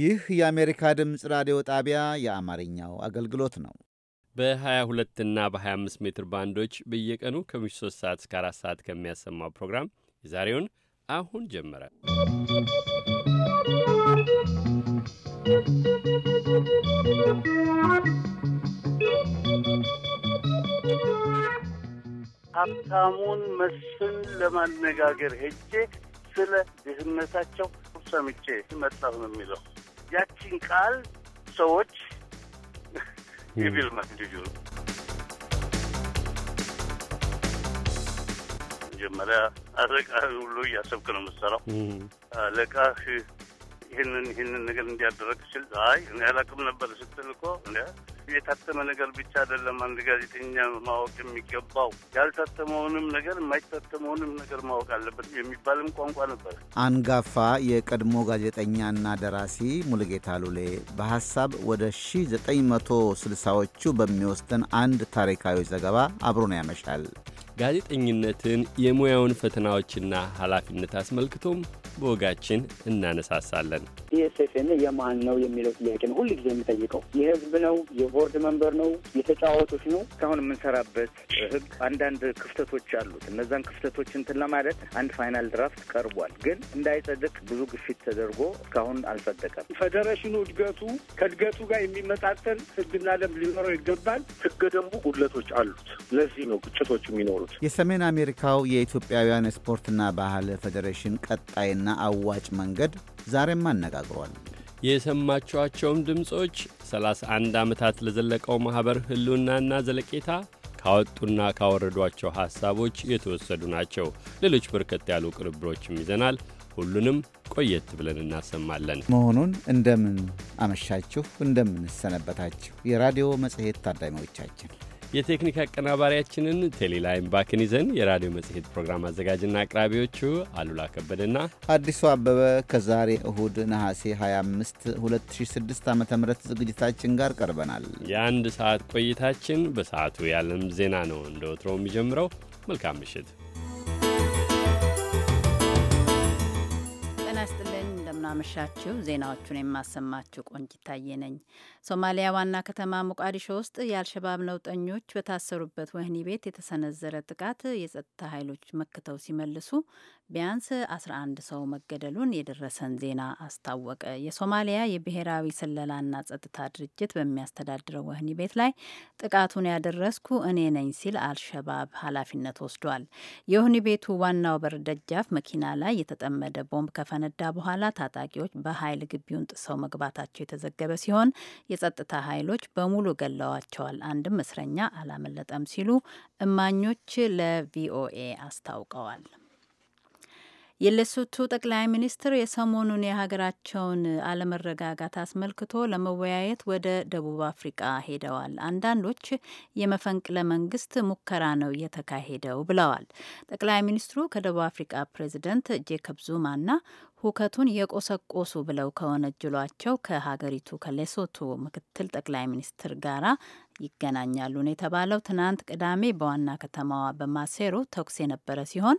ይህ የአሜሪካ ድምፅ ራዲዮ ጣቢያ የአማርኛው አገልግሎት ነው። በ22 እና በ25 ሜትር ባንዶች በየቀኑ ከ 3 ሰዓት እስከ 4 ሰዓት ከሚያሰማው ፕሮግራም የዛሬውን አሁን ጀመረ። ¶¶ ሀብታሙን መስፍን ለማነጋገር ሄጄ ስለ ድህነታቸው ሰምቼ መጣሁ ነው የሚለው። ያቺን ቃል ሰዎች ይቢል ልጁ መጀመሪያ አለቃህ ሁሉ እያሰብክ ነው የምትሰራው። አለቃህ ይህንን ይህንን ነገር እንዲያደረግ ስል አይ እኔ አላውቅም ነበር ስትል እኮ የታተመ ነገር ብቻ አይደለም አንድ ጋዜጠኛ ማወቅ የሚገባው ያልታተመውንም ነገር የማይታተመውንም ነገር ማወቅ አለበት የሚባልም ቋንቋ ነበር። አንጋፋ የቀድሞ ጋዜጠኛና ደራሲ ሙልጌታ ሉሌ በሀሳብ ወደ ሺ9መቶ ዎቹ በሚወስደን አንድ ታሪካዊ ዘገባ አብሮን ያመሻል። ጋዜጠኝነትን፣ የሙያውን ፈተናዎችና ኃላፊነት አስመልክቶም በወጋችን እናነሳሳለን። ኢኤስኤፍን የማን ነው የሚለው ጥያቄ ነው ጊዜ የሚጠይቀው። የህዝብ ነው? የቦርድ መንበር ነው? የተጫዋቾች ነው? እስካሁን የምንሰራበት ህግ አንዳንድ ክፍተቶች አሉት። እነዛን ክፍተቶች እንትን ለማለት አንድ ፋይናል ድራፍት ቀርቧል። ግን እንዳይጸድቅ ብዙ ግፊት ተደርጎ እስካሁን አልጸደቀም። ፌዴሬሽኑ እድገቱ ከእድገቱ ጋር የሚመጣጠን ህግና ደንብ ሊኖረው ይገባል። ህገ ደንቡ ጉድለቶች አሉት። ለዚህ ነው ግጭቶች የሚኖሩት። ያለሁት። የሰሜን አሜሪካው የኢትዮጵያውያን ስፖርትና ባህል ፌዴሬሽን ቀጣይና አዋጭ መንገድ ዛሬም አነጋግሯል። የሰማችኋቸውም ድምፆች 31 ዓመታት ለዘለቀው ማኅበር ህልውናና ዘለቄታ ካወጡና ካወረዷቸው ሐሳቦች የተወሰዱ ናቸው። ሌሎች በርከት ያሉ ቅንብሮችም ይዘናል። ሁሉንም ቆየት ብለን እናሰማለን። መሆኑን እንደምን አመሻችሁ፣ እንደምንሰነበታችሁ የራዲዮ መጽሔት ታዳሚዎቻችን የቴክኒክ አቀናባሪያችንን ቴሌላይም ባክን ይዘን የራዲዮ መጽሔት ፕሮግራም አዘጋጅና አቅራቢዎቹ አሉላ ከበደና አዲሱ አበበ ከዛሬ እሁድ ነሐሴ 25 2006 ዓ ም ዝግጅታችን ጋር ቀርበናል። የአንድ ሰዓት ቆይታችን በሰዓቱ የዓለም ዜና ነው እንደ ወትሮው የሚጀምረው። መልካም ምሽት ጤና ይስጥልኝ። እንደምናመሻችሁ ዜናዎቹን የማሰማችሁ ቆንጅ ነኝ። ሶማሊያ ዋና ከተማ ሞቃዲሾ ውስጥ የአልሸባብ ነውጠኞች በታሰሩበት ወህኒ ቤት የተሰነዘረ ጥቃት የጸጥታ ኃይሎች መክተው ሲመልሱ ቢያንስ 11 ሰው መገደሉን የደረሰን ዜና አስታወቀ። የሶማሊያ የብሔራዊ ስለላና ጸጥታ ድርጅት በሚያስተዳድረው ወህኒ ቤት ላይ ጥቃቱን ያደረስኩ እኔ ነኝ ሲል አልሸባብ ኃላፊነት ወስዷል። የወህኒ ቤቱ ዋናው በር ደጃፍ መኪና ላይ የተጠመደ ቦምብ ከፈነዳ በኋላ ታጣቂዎች በኃይል ግቢውን ጥሰው መግባታቸው የተዘገበ ሲሆን የጸጥታ ኃይሎች በሙሉ ገለዋቸዋል፣ አንድም እስረኛ አላመለጠም ሲሉ እማኞች ለቪኦኤ አስታውቀዋል። የለሶቱ ጠቅላይ ሚኒስትር የሰሞኑን የሀገራቸውን አለመረጋጋት አስመልክቶ ለመወያየት ወደ ደቡብ አፍሪቃ ሄደዋል። አንዳንዶች የመፈንቅለ መንግስት ሙከራ ነው እየተካሄደው ብለዋል። ጠቅላይ ሚኒስትሩ ከደቡብ አፍሪቃ ፕሬዚደንት ጄኮብ ዙማና ሁከቱን የቆሰቆሱ ብለው ከወነጅሏቸው ከሀገሪቱ ከሌሶቶ ምክትል ጠቅላይ ሚኒስትር ጋራ ይገናኛሉ ነው የተባለው። ትናንት ቅዳሜ በዋና ከተማዋ በማሴሮ ተኩስ የነበረ ሲሆን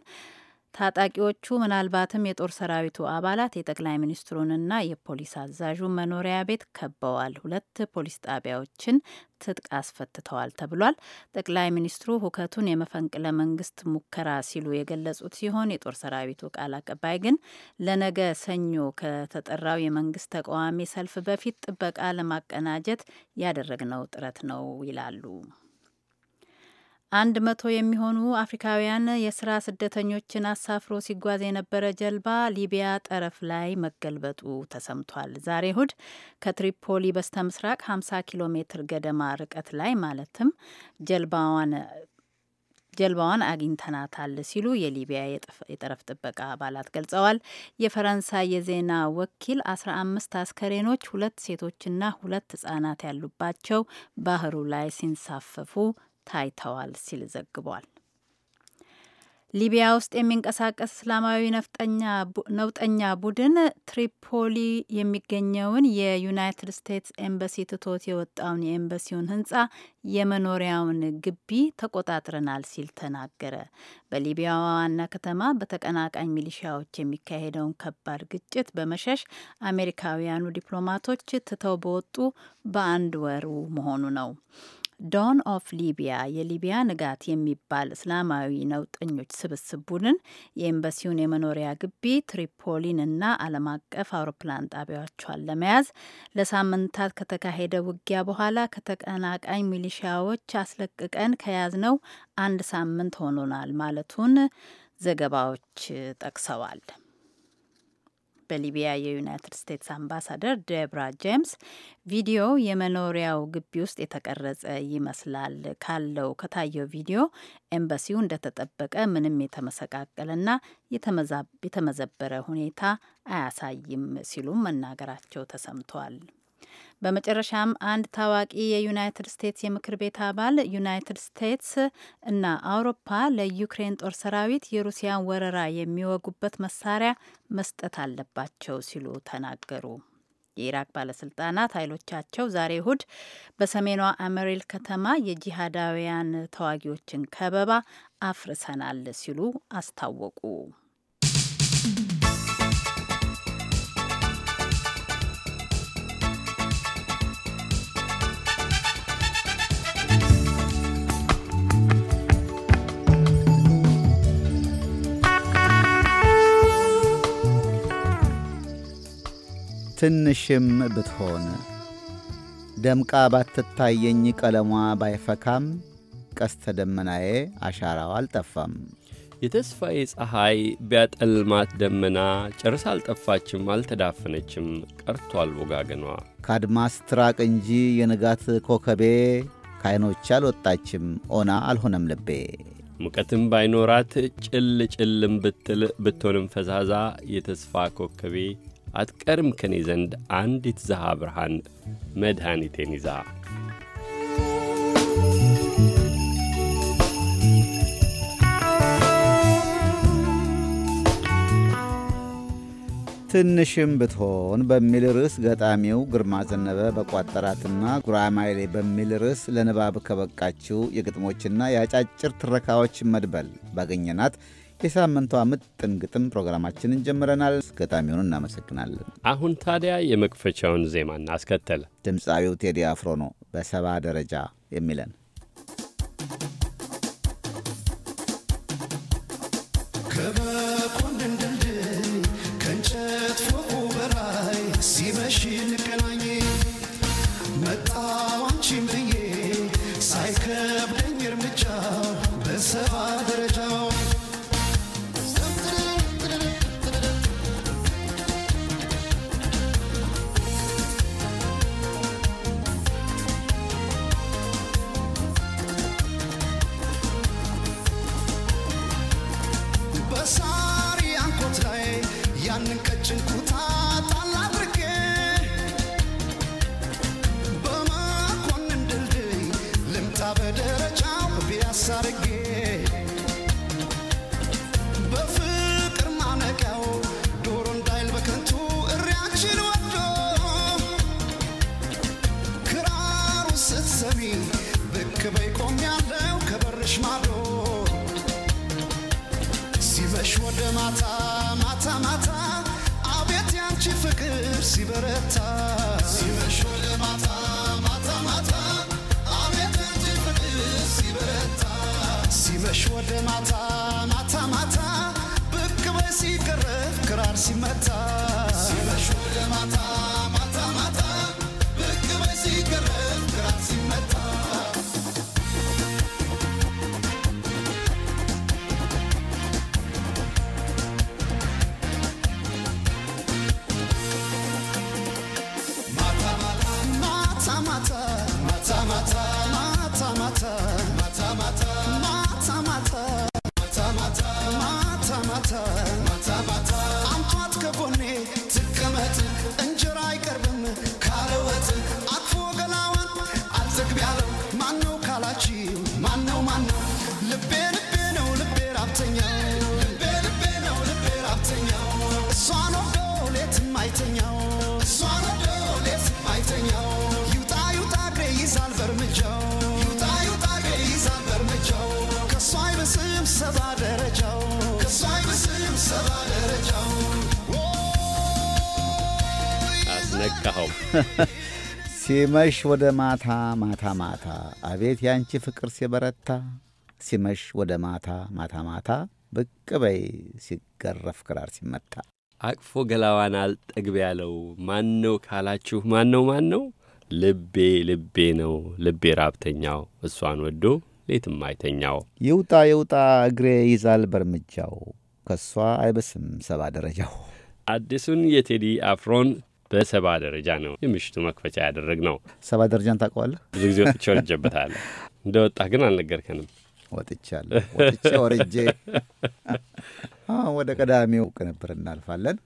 ታጣቂዎቹ ምናልባትም የጦር ሰራዊቱ አባላት የጠቅላይ ሚኒስትሩንና የፖሊስ አዛዡ መኖሪያ ቤት ከበዋል። ሁለት ፖሊስ ጣቢያዎችን ትጥቅ አስፈትተዋል ተብሏል። ጠቅላይ ሚኒስትሩ ሁከቱን የመፈንቅለ መንግስት ሙከራ ሲሉ የገለጹት ሲሆን የጦር ሰራዊቱ ቃል አቀባይ ግን ለነገ ሰኞ ከተጠራው የመንግስት ተቃዋሚ ሰልፍ በፊት ጥበቃ ለማቀናጀት ያደረግነው ጥረት ነው ይላሉ። አንድ መቶ የሚሆኑ አፍሪካውያን የስራ ስደተኞችን አሳፍሮ ሲጓዝ የነበረ ጀልባ ሊቢያ ጠረፍ ላይ መገልበጡ ተሰምቷል። ዛሬ እሁድ ከትሪፖሊ በስተ ምስራቅ 50 ኪሎ ሜትር ገደማ ርቀት ላይ ማለትም ጀልባዋን ጀልባዋን አግኝተናታል ሲሉ የሊቢያ የጠረፍ ጥበቃ አባላት ገልጸዋል። የፈረንሳይ የዜና ወኪል አምስት አስከሬኖች፣ ሁለት ሴቶችና ሁለት ህጻናት ያሉባቸው ባህሩ ላይ ሲንሳፈፉ ታይተዋል ሲል ዘግቧል። ሊቢያ ውስጥ የሚንቀሳቀስ እስላማዊ ነውጠኛ ቡድን ትሪፖሊ የሚገኘውን የዩናይትድ ስቴትስ ኤምባሲ ትቶት የወጣውን የኤምባሲውን ህንጻ የመኖሪያውን ግቢ ተቆጣጥረናል ሲል ተናገረ። በሊቢያ ዋና ከተማ በተቀናቃኝ ሚሊሻዎች የሚካሄደውን ከባድ ግጭት በመሸሽ አሜሪካውያኑ ዲፕሎማቶች ትተው በወጡ በአንድ ወሩ መሆኑ ነው። ዶን ኦፍ ሊቢያ የሊቢያ ንጋት የሚባል እስላማዊ ነውጠኞች ስብስብ ቡድን የኤምባሲውን የመኖሪያ ግቢ ትሪፖሊንና ዓለም አቀፍ አውሮፕላን ጣቢያዎቿን ለመያዝ ለሳምንታት ከተካሄደ ውጊያ በኋላ ከተቀናቃኝ ሚሊሺያዎች አስለቅቀን ከያዝነው አንድ ሳምንት ሆኖናል ማለቱን ዘገባዎች ጠቅሰዋል። በሊቢያ የዩናይትድ ስቴትስ አምባሳደር ደብራ ጄምስ ቪዲዮ የመኖሪያው ግቢ ውስጥ የተቀረጸ ይመስላል ካለው ከታየው ቪዲዮ ኤምባሲው እንደተጠበቀ ምንም የተመሰቃቀለና የተመዘበረ ሁኔታ አያሳይም ሲሉም መናገራቸው ተሰምቷል። በመጨረሻም አንድ ታዋቂ የዩናይትድ ስቴትስ የምክር ቤት አባል ዩናይትድ ስቴትስ እና አውሮፓ ለዩክሬን ጦር ሰራዊት የሩሲያን ወረራ የሚወጉበት መሳሪያ መስጠት አለባቸው ሲሉ ተናገሩ። የኢራቅ ባለስልጣናት ኃይሎቻቸው ዛሬ እሁድ በሰሜኗ አመሬል ከተማ የጂሃዳውያን ተዋጊዎችን ከበባ አፍርሰናል ሲሉ አስታወቁ። ትንሽም ብትሆን ደምቃ ባትታየኝ ቀለሟ ባይፈካም ቀስተ ደመናዬ አሻራው አልጠፋም። የተስፋዬ ፀሐይ ቢያጠልማት ደመና ጨርስ አልጠፋችም፣ አልተዳፈነችም፣ ቀርቷል ወጋገኗ። ከአድማስ ትራቅ እንጂ የንጋት ኮከቤ ከዓይኖቼ አልወጣችም፣ ኦና አልሆነም ልቤ። ሙቀትም ባይኖራት ጭል ጭልም ብትል ብትሆንም ፈዛዛ የተስፋ ኮከቤ አትቀርም ከኔ ዘንድ አንዲት ዝሃ ብርሃን መድኃኒቴን ይዛ ትንሽም ብትሆን በሚል ርዕስ ገጣሚው ግርማ ዘነበ በቋጠራትና ጉራማይሌ በሚል ርዕስ ለንባብ ከበቃችው የግጥሞችና የአጫጭር ትረካዎች መድበል ባገኘናት የሳምንቷ ምጥን ግጥም ፕሮግራማችንን ጀምረናል። ገጣሚውን እናመሰግናለን። አሁን ታዲያ የመክፈቻውን ዜማ እናስከተል። ድምፃዊው ቴዲ አፍሮ ነው በሰባ ደረጃ የሚለን summertime. የነካኸው። ሲመሽ ወደ ማታ ማታ ማታ አቤት ያንቺ ፍቅር ሲበረታ ሲመሽ ወደ ማታ ማታ ማታ ብቅ በይ ሲገረፍ ክራር ሲመታ አቅፎ ገላዋን አልጠግብ ያለው ማን ነው ካላችሁ፣ ማን ነው ማን ነው? ልቤ ልቤ ነው ልቤ ራብተኛው እሷን ወዶ ሌትም አይተኛው። ይውጣ ይውጣ እግሬ ይዛል በርምጃው ከእሷ አይበስም ሰባ ደረጃው። አዲሱን የቴዲ አፍሮን በሰባ ደረጃ ነው የምሽቱ መክፈቻ ያደረግ ነው። ሰባ ደረጃን ታውቀዋለህ? ብዙ ጊዜ ወጥቼ ወርጄበታለሁ። እንደ ወጣህ ግን አልነገርከንም። ወጥቻለሁ። ወጥቼ ወርጄ ወደ ቀዳሚው ቅንብር እናልፋለን።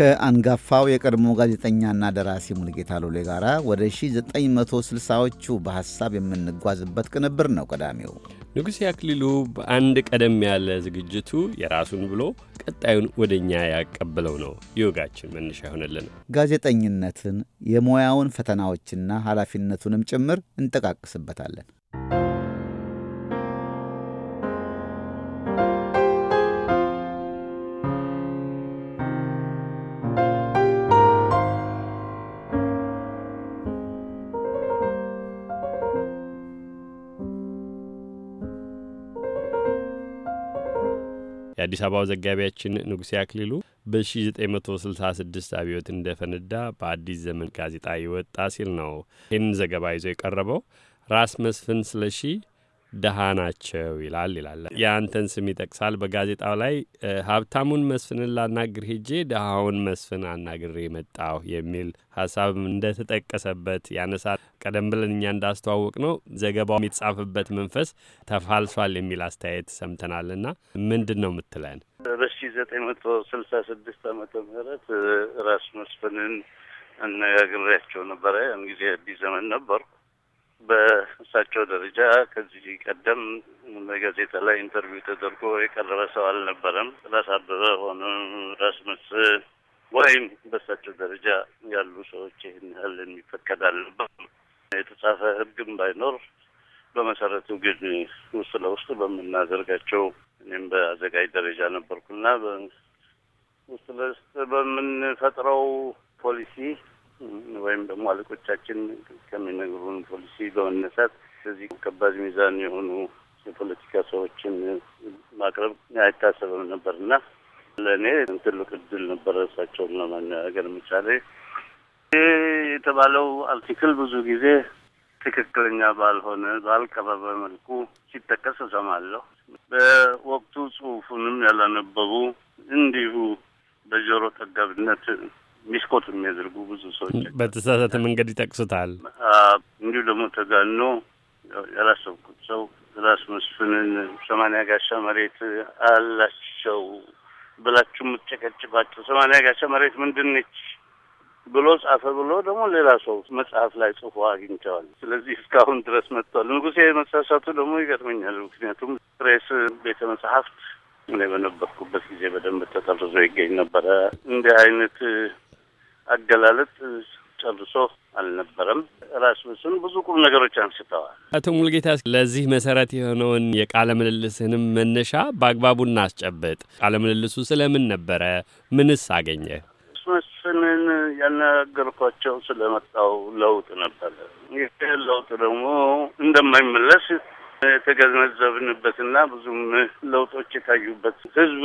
ከአንጋፋው የቀድሞ ጋዜጠኛና ደራሲ ሙልጌታ ሎሌ ጋር ወደ 1960ዎቹ በሐሳብ የምንጓዝበት ቅንብር ነው ቀዳሚው። ንጉሴ አክሊሉ በአንድ ቀደም ያለ ዝግጅቱ የራሱን ብሎ ቀጣዩን ወደ እኛ ያቀብለው ነው የወጋችን መነሻ ይሆነልን። ጋዜጠኝነትን የሙያውን ፈተናዎችና ኃላፊነቱንም ጭምር እንጠቃቅስበታለን። የአዲስ አበባው ዘጋቢያችን ንጉሴ አክሊሉ በ1966 አብዮት እንደፈነዳ በአዲስ ዘመን ጋዜጣ የወጣ ሲል ነው ይህን ዘገባ ይዞ የቀረበው። ራስ መስፍን ስለሺ ድሃ ናቸው ይላል ይላል። የአንተን ስም ይጠቅሳል በጋዜጣው ላይ ሀብታሙን መስፍንን ላናግር ሄጄ ድሃውን መስፍን አናግሬ የመጣው የሚል ሀሳብ እንደተጠቀሰበት ያነሳል። ቀደም ብለን እኛ እንዳስተዋወቅ ነው ዘገባው የተጻፈበት መንፈስ ተፋልሷል የሚል አስተያየት ሰምተናል። ና ምንድን ነው ምትለን በሺ ዘጠኝ መቶ ስልሳ ስድስት አመተ ምህረት ራስ መስፍንን አነጋግሬያቸው ነበረ። ያን ጊዜ ዘመን ነበርኩ በእሳቸው ደረጃ ከዚህ ቀደም በጋዜጣ ላይ ኢንተርቪው ተደርጎ የቀረበ ሰው አልነበረም። ራስ አበበ ሆኑ ራስ መስ ወይም በእሳቸው ደረጃ ያሉ ሰዎች ይህን ያህል የሚፈቀድ አልነበረም። የተጻፈ ሕግም ባይኖር በመሰረቱ ግን ውስጥ ለውስጥ በምናደርጋቸው እኔም በአዘጋጅ ደረጃ ነበርኩና ውስጥ ለውስጥ በምንፈጥረው ፖሊሲ ወይም ደግሞ አለቆቻችን ከሚነግሩን ፖሊሲ በመነሳት ስለዚህ ከባድ ሚዛን የሆኑ የፖለቲካ ሰዎችን ማቅረብ አይታሰብም ነበር እና ለእኔ ትልቅ እድል ነበረ እሳቸውን ለማነጋገር ምሳሌ የተባለው አርቲክል ብዙ ጊዜ ትክክለኛ ባልሆነ ባልቀረበ መልኩ ሲጠቀስ እሰማለሁ። በወቅቱ ጽሁፉንም ያላነበቡ እንዲሁ በጆሮ ጠገብነት ሚስኮት የሚያደርጉ ብዙ ሰዎች በተሳሳተ መንገድ ይጠቅሱታል። እንዲሁ ደግሞ ተጋኖ ያላሰብኩት ሰው ራስ መስፍንን ሰማንያ ጋሻ መሬት አላቸው ብላችሁ የምትጨቀጭቋቸው ሰማንያ ጋሻ መሬት ምንድን ነች ብሎ ጻፈ ብሎ ደግሞ ሌላ ሰው መጽሐፍ ላይ ጽፎ አግኝተዋል። ስለዚህ እስካሁን ድረስ መጥቷል። ንጉሴ መሳሳቱ ደግሞ ይገጥመኛል። ምክንያቱም ፕሬስ ቤተ መጽሐፍት እኔ በነበርኩበት ጊዜ በደንብ ተጠርዞ ይገኝ ነበረ። እንዲህ አይነት አገላለጥ ጨርሶ አልነበረም። ራስምስን ብዙ ቁም ነገሮች አንስተዋል። አቶ ሙልጌታ ለዚህ መሰረት የሆነውን የቃለ ምልልስህንም መነሻ በአግባቡ እናስጨብጥ። ቃለ ምልልሱ ስለምን ነበረ? ምንስ አገኘ? መስፍንን ያነጋገርኳቸው ስለመጣው ለውጥ ነበረ። ይህ ለውጥ ደግሞ እንደማይመለስ የተገነዘብንበትና ብዙም ለውጦች የታዩበት ህዝብ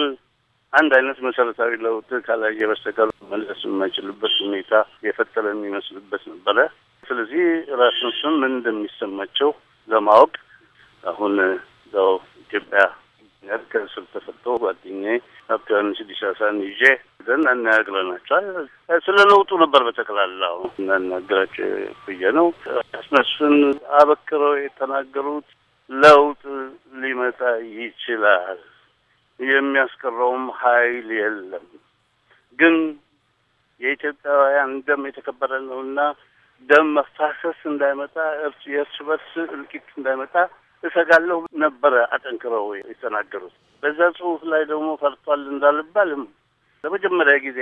አንድ አይነት መሰረታዊ ለውጥ ካላየ በስተቀር መለስ የማይችልበት ሁኔታ የፈጠረ የሚመስልበት ነበረ። ስለዚህ ራስንስም ምን እንደሚሰማቸው ለማወቅ አሁን ዛው ኢትዮጵያ ምክንያት ከእስር ተፈቶ ጓደኛዬ ሀብታንሽ ዲሳሳን ይዤ ደን አነጋግረናቸዋል። ስለ ለውጡ ነበር በጠቅላላው እናናገራቸው ብየ ነው። መስፍን አበክረው የተናገሩት ለውጥ ሊመጣ ይችላል የሚያስቀረውም ኃይል የለም። ግን የኢትዮጵያውያን ደም የተከበረ ነውና ደም መፋሰስ እንዳይመጣ እርስ የእርስ በርስ እልቂት እንዳይመጣ እሰጋለሁ ነበረ አጠንክረው የተናገሩት። በዛ ጽሁፍ ላይ ደግሞ ፈርቷል እንዳልባልም ለመጀመሪያ ጊዜ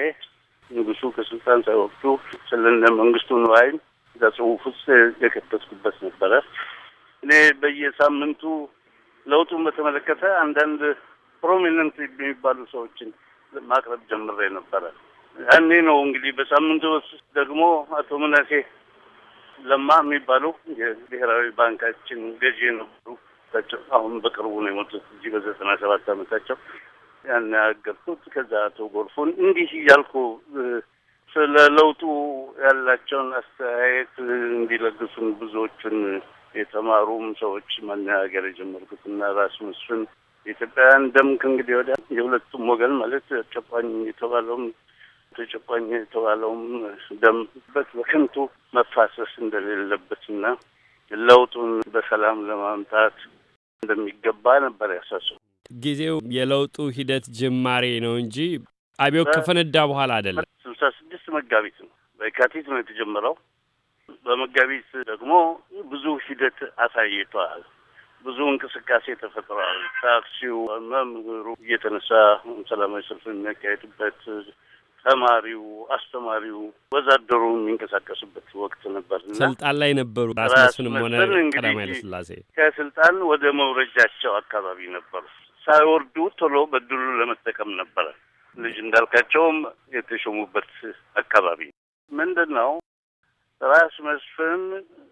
ንጉሱ ከስልጣን ሳይወቅቱ ስለነ መንግስቱ ንዋይን እዛ ጽሁፍ ውስጥ የከተትኩበት ነበረ። እኔ በየሳምንቱ ለውጡን በተመለከተ አንዳንድ ፕሮሚነንት የሚባሉ ሰዎችን ማቅረብ ጀምሬ ነበረ። ያኔ ነው እንግዲህ በሳምንቱ ውስጥ ደግሞ አቶ ምናሴ ለማ የሚባሉ የብሔራዊ ባንካችን ገዢ የነበሩ አሁን በቅርቡ ነው የሞቱት እዚህ በዘጠና ሰባት ዓመታቸው ያናገርኩት። ከዛ አቶ ጎርፉን እንዲህ እያልኩ ስለ ለውጡ ያላቸውን አስተያየት እንዲለግሱን ብዙዎቹን የተማሩም ሰዎች ማነጋገር የጀመርኩት እና ራስ መስፍን የኢትዮጵያውያን ደም ከእንግዲህ ወዲያ የሁለቱም ወገን ማለት ጨቋኝ የተባለውም ተጨቋኝ የተባለውም ደም በከንቱ መፋሰስ እንደሌለበትና ለውጡን በሰላም ለማምጣት እንደሚገባ ነበር ያሳሱ። ጊዜው የለውጡ ሂደት ጅማሬ ነው እንጂ አብዮ ከፈነዳ በኋላ አይደለም። ስልሳ ስድስት መጋቢት ነው በየካቲት ነው የተጀመረው። በመጋቢት ደግሞ ብዙ ሂደት አሳይቷል። ብዙ እንቅስቃሴ ተፈጥሯል። ታክሲው፣ መምህሩ እየተነሳ ሰላማዊ ሰልፍ የሚያካሄድበት ተማሪው፣ አስተማሪው፣ ወዛደሩ የሚንቀሳቀሱበት ወቅት ነበር። ስልጣን ላይ ነበሩ። ራስመስፍንም ሆነ ቀዳማዊ ኃይለ ሥላሴ ከስልጣን ወደ መውረጃቸው አካባቢ ነበሩ። ሳይወርዱ ቶሎ በድሉ ለመጠቀም ነበረ። ልጅ እንዳልካቸውም የተሾሙበት አካባቢ ምንድን ነው ራስ መስፍን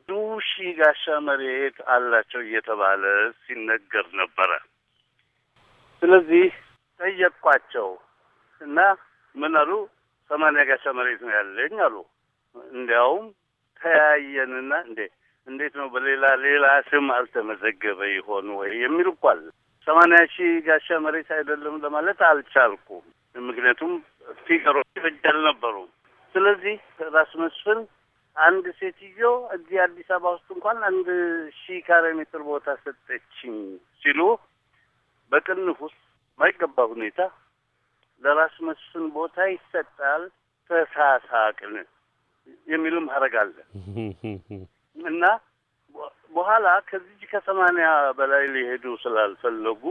ብዙ ጋሻ መሬት አላቸው እየተባለ ሲነገር ነበረ። ስለዚህ ጠየቅኳቸው እና ምን አሉ? ሰማንያ ጋሻ መሬት ነው ያለኝ አሉ። እንዲያውም ተያየንና እንዴ እንዴት ነው በሌላ ሌላ ስም አልተመዘገበ ይሆን ወይ የሚል እኳል ሰማንያ ሺህ ጋሻ መሬት አይደለም ለማለት አልቻልኩም፣ ምክንያቱም ፊገሮች በእጅ አልነበሩም። ስለዚህ ራስ መስፍን አንድ ሴትዮ እዚህ አዲስ አበባ ውስጥ እንኳን አንድ ሺህ ካሬ ሜትር ቦታ ሰጠችኝ ሲሉ በቅንፍ ውስጥ ማይገባ ሁኔታ ለራስ መስፍን ቦታ ይሰጣል ተሳሳቅን የሚልም ሀረግ አለ እና በኋላ ከዚህ ከሰማንያ በላይ ሊሄዱ ስላልፈለጉ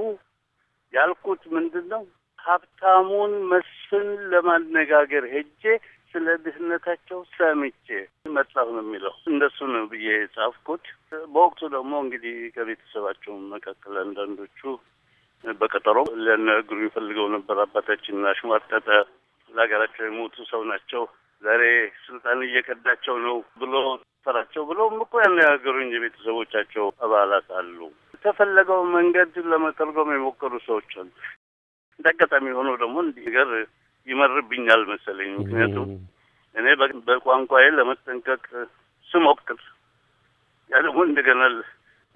ያልኩት ምንድን ነው ሀብታሙን መስፍን ለማነጋገር ሄጄ ስለ ድህነታቸው ሰምቼ መጣሁ ነው የሚለው። እንደሱ ነው ብዬ የጻፍኩት። በወቅቱ ደግሞ እንግዲህ ከቤተሰባቸው መካከል አንዳንዶቹ በቀጠሮ ሊያነግሩ ይፈልገው ነበር። አባታችን አሽሟጠጠ፣ ለሀገራቸው የሞቱ ሰው ናቸው፣ ዛሬ ስልጣን እየቀዳቸው ነው ብሎ ፈራቸው ብለውም እኮ ያነጋገሩኝ የቤተሰቦቻቸው አባላት አሉ። የተፈለገው መንገድ ለመተርጎም የሞከሩ ሰዎች አሉ። እንደ አጋጣሚ የሆነው ደግሞ እንዲህ ነገር ይመርብኛል መሰለኝ። ምክንያቱም እኔ በቋንቋዬ ለመጠንቀቅ ስሞክር ያ ደግሞ እንደገና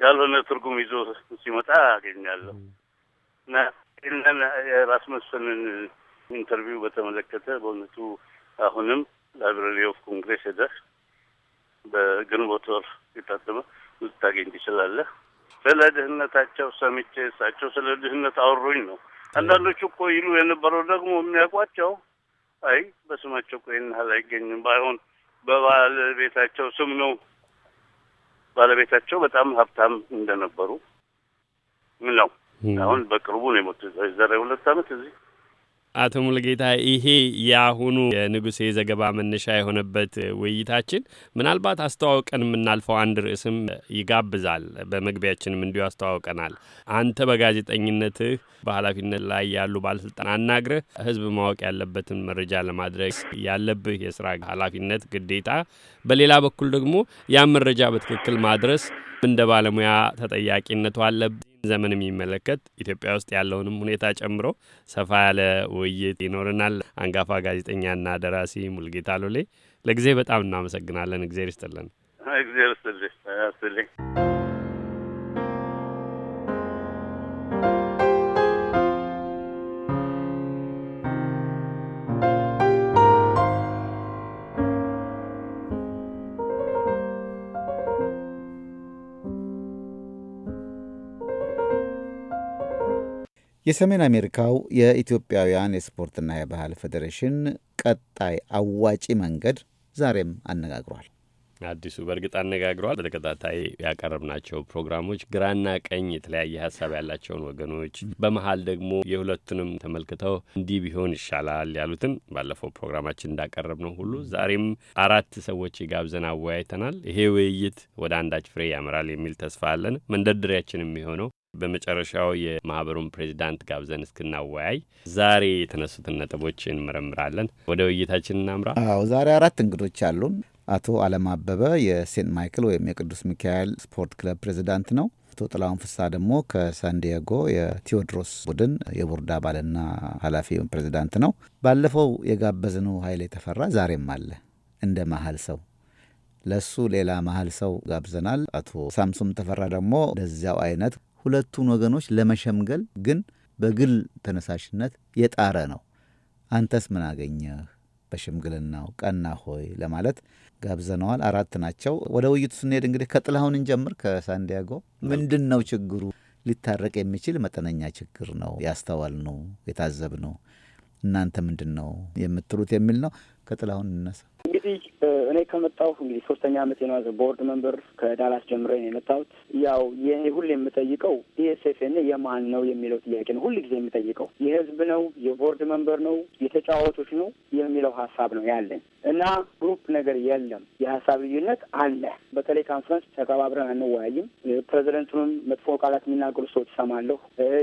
ያልሆነ ትርጉም ይዞ ሲመጣ አገኛለሁ እና ይህንን የራስ መሰንን ኢንተርቪው በተመለከተ በእውነቱ አሁንም ላይብራሪ ኦፍ ኮንግሬስ ሄደህ በግንቦት ወር የታተመ ልታገኝ ትችላለህ። ስለ ድህነታቸው ሰምቼ እሳቸው ስለ ድህነት አወሩኝ ነው አንዳንዶቹ እኮ ይሉ የነበረው ደግሞ የሚያውቋቸው አይ በስማቸው እኮ ይህን ያህል አይገኝም፣ ባይሆን በባለቤታቸው ስም ነው። ባለቤታቸው በጣም ሀብታም እንደነበሩ ምን ነው አሁን በቅርቡ ነው የሞቱት፣ የዛሬ ሁለት አመት እዚህ አቶ ሙልጌታ ይሄ የአሁኑ የንጉሴ ዘገባ መነሻ የሆነበት ውይይታችን ምናልባት አስተዋውቀን የምናልፈው አንድ ርዕስም ይጋብዛል። በመግቢያችንም እንዲሁ አስተዋውቀናል። አንተ በጋዜጠኝነትህ በኃላፊነት ላይ ያሉ ባለስልጣን አናግረህ ህዝብ ማወቅ ያለበትን መረጃ ለማድረግ ያለብህ የስራ ኃላፊነት ግዴታ፣ በሌላ በኩል ደግሞ ያን መረጃ በትክክል ማድረስ እንደ ባለሙያ ተጠያቂነቱ አለብህ። ዘመን የሚመለከት ኢትዮጵያ ውስጥ ያለውንም ሁኔታ ጨምሮ ሰፋ ያለ ውይይት ይኖረናል። አንጋፋ ጋዜጠኛና ደራሲ ሙልጌታ ሎሌ ለጊዜ በጣም እናመሰግናለን። እግዜር ይስጥልን። እግዜር ይስጥልኝ። የሰሜን አሜሪካው የኢትዮጵያውያን የስፖርትና የባህል ፌዴሬሽን ቀጣይ አዋጪ መንገድ ዛሬም አነጋግሯል። አዲሱ በእርግጥ አነጋግሯል። በተከታታይ ያቀረብናቸው ፕሮግራሞች ግራና ቀኝ የተለያየ ሀሳብ ያላቸውን ወገኖች በመሀል ደግሞ የሁለቱንም ተመልክተው እንዲህ ቢሆን ይሻላል ያሉትን ባለፈው ፕሮግራማችን እንዳቀረብ ነው ሁሉ ዛሬም አራት ሰዎች የጋብዘን አወያይተናል። ይሄ ውይይት ወደ አንዳች ፍሬ ያመራል የሚል ተስፋ አለን። መንደርደሪያችን የሚሆነው በመጨረሻው የማህበሩን ፕሬዚዳንት ጋብዘን እስክናወያይ ዛሬ የተነሱትን ነጥቦች እንመረምራለን። ወደ ውይይታችን እናምራ። አዎ ዛሬ አራት እንግዶች አሉን። አቶ አለም አበበ የሴንት ማይክል ወይም የቅዱስ ሚካኤል ስፖርት ክለብ ፕሬዚዳንት ነው። አቶ ጥላሁን ፍሳ ደግሞ ከሳንዲያጎ የቴዎድሮስ ቡድን የቦርድ አባልና ኃላፊ ፕሬዚዳንት ነው። ባለፈው የጋበዝነው ኃይል የተፈራ ዛሬም አለ እንደ መሀል ሰው ለሱ ሌላ መሀል ሰው ጋብዘናል። አቶ ሳምሶም ተፈራ ደግሞ ለዚያው አይነት ሁለቱን ወገኖች ለመሸምገል ግን በግል ተነሳሽነት የጣረ ነው። አንተስ ምን አገኘህ በሽምግልናው ቀና ሆይ ለማለት ጋብዘነዋል። አራት ናቸው። ወደ ውይይቱ ስንሄድ እንግዲህ ከጥላሁን እንጀምር። ከሳንዲያጎ ምንድን ነው ችግሩ? ሊታረቅ የሚችል መጠነኛ ችግር ነው ያስተዋል ነው የታዘብ ነው እናንተ ምንድን ነው የምትሉት የሚል ነው። ከጥላሁን እነሳ እንግዲህ እኔ ከመጣሁ እንግዲህ ሶስተኛ ዓመት ነው። ቦርድ መንበር ከዳላስ ጀምሬ ነው የመጣሁት። ያው የእኔ ሁሌ የምጠይቀው ኢኤስኤፍኤን የማን ነው የሚለው ጥያቄ ነው። ሁል ጊዜ የምጠይቀው የህዝብ ነው፣ የቦርድ መንበር ነው፣ የተጫዋቾች ነው የሚለው ሀሳብ ነው ያለን እና ግሩፕ ነገር የለም። የሀሳብ ልዩነት አለ። በተለይ ካንፈረንስ ተቀባብረን አንወያይም። ፕሬዚደንቱንም መጥፎ ቃላት የሚናገሩ ሰዎች ሰማለሁ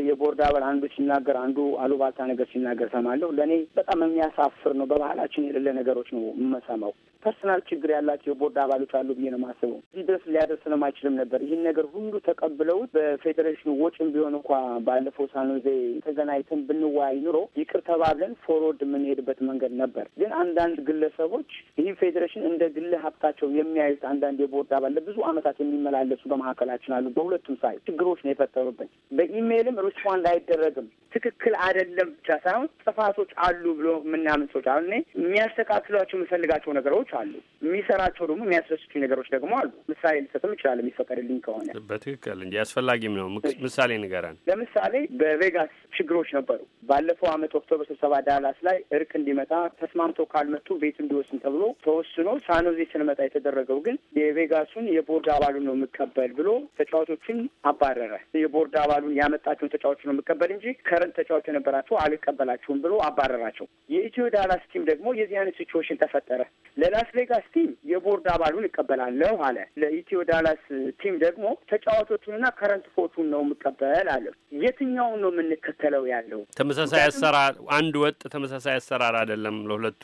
የቦርድ አባል አንዱ ሲናገር፣ አንዱ አሉባልታ ነገር ሲናገር ሰማለሁ ለእኔ በጣም የሚያሳፍር ነው። በባህላችን የሌለ ነገሮች ነው የምሰማው ፐርሰናል በጣም ችግር ያላቸው የቦርድ አባሎች አሉ ብዬ ነው የማስበው። እዚህ ድረስ ሊያደርሰንም አይችልም ነበር። ይህን ነገር ሁሉ ተቀብለውት በፌዴሬሽኑ ወጪም ቢሆን እንኳ ባለፈው ሳኖዜ ተገናኝተን ብንወያይ ኑሮ ይቅር ተባብለን ፎርወርድ የምንሄድበት መንገድ ነበር። ግን አንዳንድ ግለሰቦች ይህ ፌዴሬሽን እንደ ግል ሀብታቸው የሚያዩት አንዳንድ የቦርድ አባል ለብዙ ዓመታት የሚመላለሱ በመካከላችን አሉ። በሁለቱም ሳይ ችግሮች ነው የፈጠሩብን። በኢሜይልም ሪስፖንድ አይደረግም። ትክክል አይደለም ብቻ ሳይሆን ጥፋቶች አሉ ብሎ የምናምን ሰዎች አሁን እኔ የሚያስተካክሏቸው የምፈልጋቸው ነገሮች አሉ። የሚሰራቸው ደግሞ የሚያስደስቱ ነገሮች ደግሞ አሉ። ምሳሌ ልሰጥም ይችላል የሚፈቀድልኝ ከሆነ በትክክል እንጂ አስፈላጊም ነው። ምሳሌ ንገረን። ለምሳሌ በቬጋስ ችግሮች ነበሩ። ባለፈው ዓመት ኦክቶበር ስብሰባ ዳላስ ላይ እርቅ እንዲመጣ ተስማምተው ካልመጡ ቤት እንዲወስን ተብሎ ተወስኖ ሳኖዜ ስንመጣ የተደረገው ግን የቬጋሱን የቦርድ አባሉን ነው የምቀበል ብሎ ተጫዋቾችን አባረረ። የቦርድ አባሉን ያመጣቸውን ተጫዋች ነው የምቀበል እንጂ ከረንት ተጫዋች የነበራቸው አልቀበላቸውም ብሎ አባረራቸው። የኢትዮ ዳላስ ቲም ደግሞ የዚህ አይነት ሲቹዌሽን ተፈጠረ ለላስ ቬጋ ዳላስ ቲም የቦርድ አባሉን እቀበላለሁ አለ። ለኢትዮ ዳላስ ቲም ደግሞ ተጫዋቾቹንና ከረንት ፎቱን ነው የምቀበል አለ። የትኛውን ነው የምንከተለው? ያለው ተመሳሳይ አሰራር፣ አንድ ወጥ ተመሳሳይ አሰራር አይደለም። ለሁለቱ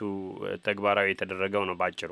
ተግባራዊ የተደረገው ነው ባጭሩ።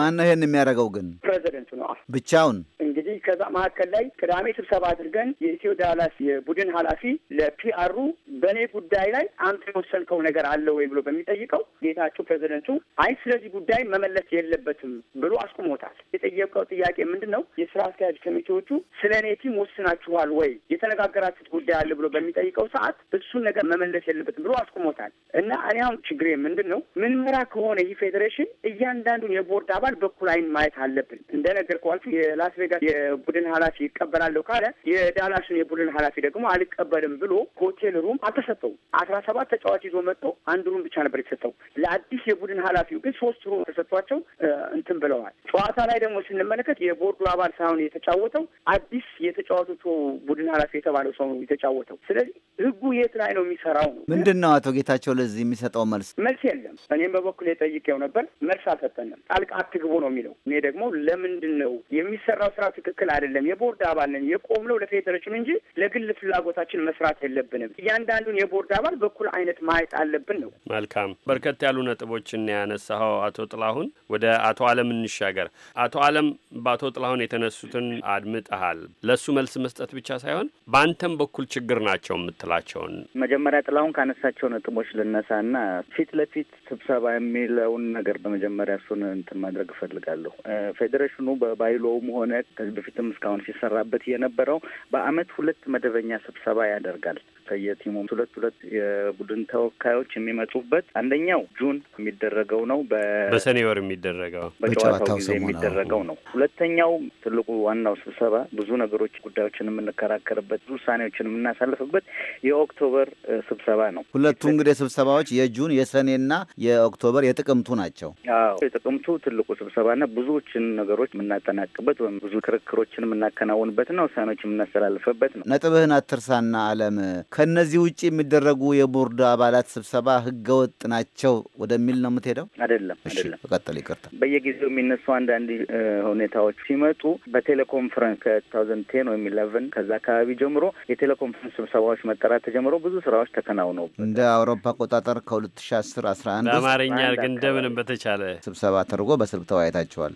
ማን ነው ይሄን የሚያደርገው ግን? ፕሬዚደንቱ ነው ብቻውን እንግዲህ ከዛ መካከል ላይ ቅዳሜ ስብሰባ አድርገን የኢትዮ ዳላስ የቡድን ኃላፊ ለፒአሩ በእኔ ጉዳይ ላይ አንተ የወሰንከው ነገር አለ ወይ ብሎ በሚጠይቀው ጌታቸው ፕሬዚደንቱ አይ ስለዚህ ጉዳይ መመለስ የለበትም ብሎ አስቁሞታል። የጠየቀው ጥያቄ ምንድን ነው? የስራ አስኪያጅ ኮሚቴዎቹ ስለ እኔ ቲም ወስናችኋል ወይ የተነጋገራችሁት ጉዳይ አለ ብሎ በሚጠይቀው ሰዓት እሱን ነገር መመለስ የለበትም ብሎ አስቁሞታል። እና እኔ አሁን ችግሬ ምንድን ነው? ምንመራ ከሆነ ይህ ፌዴሬሽን እያንዳንዱን የቦርድ አባል በኩል አይን ማየት አለብን። እንደነገርኳችሁ የላስ ቬጋስ የቡድን ኃላፊ ይቀበላለሁ ካለ የዳላሱን የቡድን ኃላፊ ደግሞ አልቀበልም ብሎ ሆቴል ሩም አልተሰጠው አስራ ሰባት ተጫዋች ይዞ መጥቶ አንድ ሩም ብቻ ነበር የተሰጠው። ለአዲስ የቡድን ኃላፊው ግን ሶስት ሩም ተሰጥቷቸው እንትን ብለዋል። ጨዋታ ላይ ደግሞ ስንመለከት የቦርዱ አባል ሳይሆን የተጫወተው አዲስ የተጫዋቾቹ ቡድን ኃላፊ የተባለው ሰው ነው የተጫወተው። ስለዚህ ህጉ የት ላይ ነው የሚሰራው ነው ምንድን ነው? አቶ ጌታቸው ለዚህ የሚሰጠው መልስ መልስ የለም። እኔም በበኩል የጠይቄው ነበር፣ መልስ አልሰጠንም። ጣልቃ አትግቡ ነው የሚለው። እኔ ደግሞ ለምንድን ነው የሚሰራው ስራ ሀሳብ ትክክል አይደለም። የቦርድ አባል ነን። የቆምነው ለፌዴሬሽን እንጂ ለግል ፍላጎታችን መስራት የለብንም። እያንዳንዱን የቦርድ አባል በኩል አይነት ማየት አለብን ነው። መልካም በርከት ያሉ ነጥቦችን ያነሳኸው አቶ ጥላሁን። ወደ አቶ አለም እንሻገር። አቶ አለም በአቶ ጥላሁን የተነሱትን አድምጠሃል። ለእሱ መልስ መስጠት ብቻ ሳይሆን በአንተም በኩል ችግር ናቸው የምትላቸውን መጀመሪያ ጥላሁን ካነሳቸው ነጥቦች ልነሳ እና ፊት ለፊት ስብሰባ የሚለውን ነገር በመጀመሪያ እሱን እንትን ማድረግ እፈልጋለሁ። ፌዴሬሽኑ በባይሎውም ሆነ ከዚህ በፊትም እስካሁን ሲሰራበት የነበረው በአመት ሁለት መደበኛ ስብሰባ ያደርጋል። ከየቲሙ ሁለት ሁለት የቡድን ተወካዮች የሚመጡበት አንደኛው ጁን የሚደረገው ነው፣ በሰኔ ወር የሚደረገው በጨዋታው ጊዜ የሚደረገው ነው። ሁለተኛው ትልቁ ዋናው ስብሰባ ብዙ ነገሮች ጉዳዮችን የምንከራከርበት ብዙ ውሳኔዎችን የምናሳልፍበት የኦክቶበር ስብሰባ ነው። ሁለቱ እንግዲህ ስብሰባዎች የጁን የሰኔና የኦክቶበር የጥቅምቱ ናቸው። አዎ የጥቅምቱ ትልቁ ስብሰባና ብዙዎችን ነገሮች የምናጠናቅበት ወይም ብዙ ክርክሮችን የምናከናውንበትና ነው፣ ውሳኔዎች የምናስተላልፍበት ነው። ነጥብህን አትርሳና አለም ከእነዚህ ውጭ የሚደረጉ የቦርድ አባላት ስብሰባ ህገወጥ ናቸው ወደሚል ነው የምትሄደው? አይደለም አይደለም። በቀጠል ይቅርታ። በየጊዜው የሚነሱ አንዳንድ ሁኔታዎች ሲመጡ በቴሌኮንፈረንስ ከቴን ወይም ኢለቨን ከዛ አካባቢ ጀምሮ የቴሌኮንፈረንስ ስብሰባዎች መጠራት ተጀምሮ ብዙ ስራዎች ተከናውነው እንደ አውሮፓ አቆጣጠር ከ2011 አስር አስራ በአማርኛ ግን እንደምንም በተቻለ ስብሰባ ተደርጎ በስልክ ተወያይታቸዋል።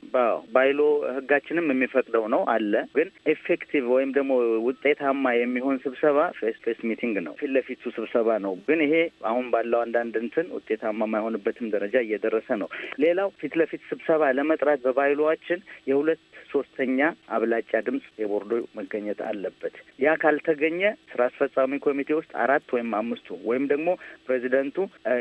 ባይሎ ህጋችንም የሚፈቅደው እየሰራው ነው አለ። ግን ኤፌክቲቭ ወይም ደግሞ ውጤታማ የሚሆን ስብሰባ ፌስ ፌስ ሚቲንግ ነው፣ ፊት ለፊቱ ስብሰባ ነው። ግን ይሄ አሁን ባለው አንዳንድ እንትን ውጤታማ የማይሆንበትም ደረጃ እየደረሰ ነው። ሌላው ፊት ለፊት ስብሰባ ለመጥራት በባይሏችን የሁለት ሶስተኛ አብላጫ ድምፅ የቦርዶ መገኘት አለበት። ያ ካልተገኘ ስራ አስፈጻሚ ኮሚቴ ውስጥ አራት ወይም አምስቱ ወይም ደግሞ ፕሬዚደንቱ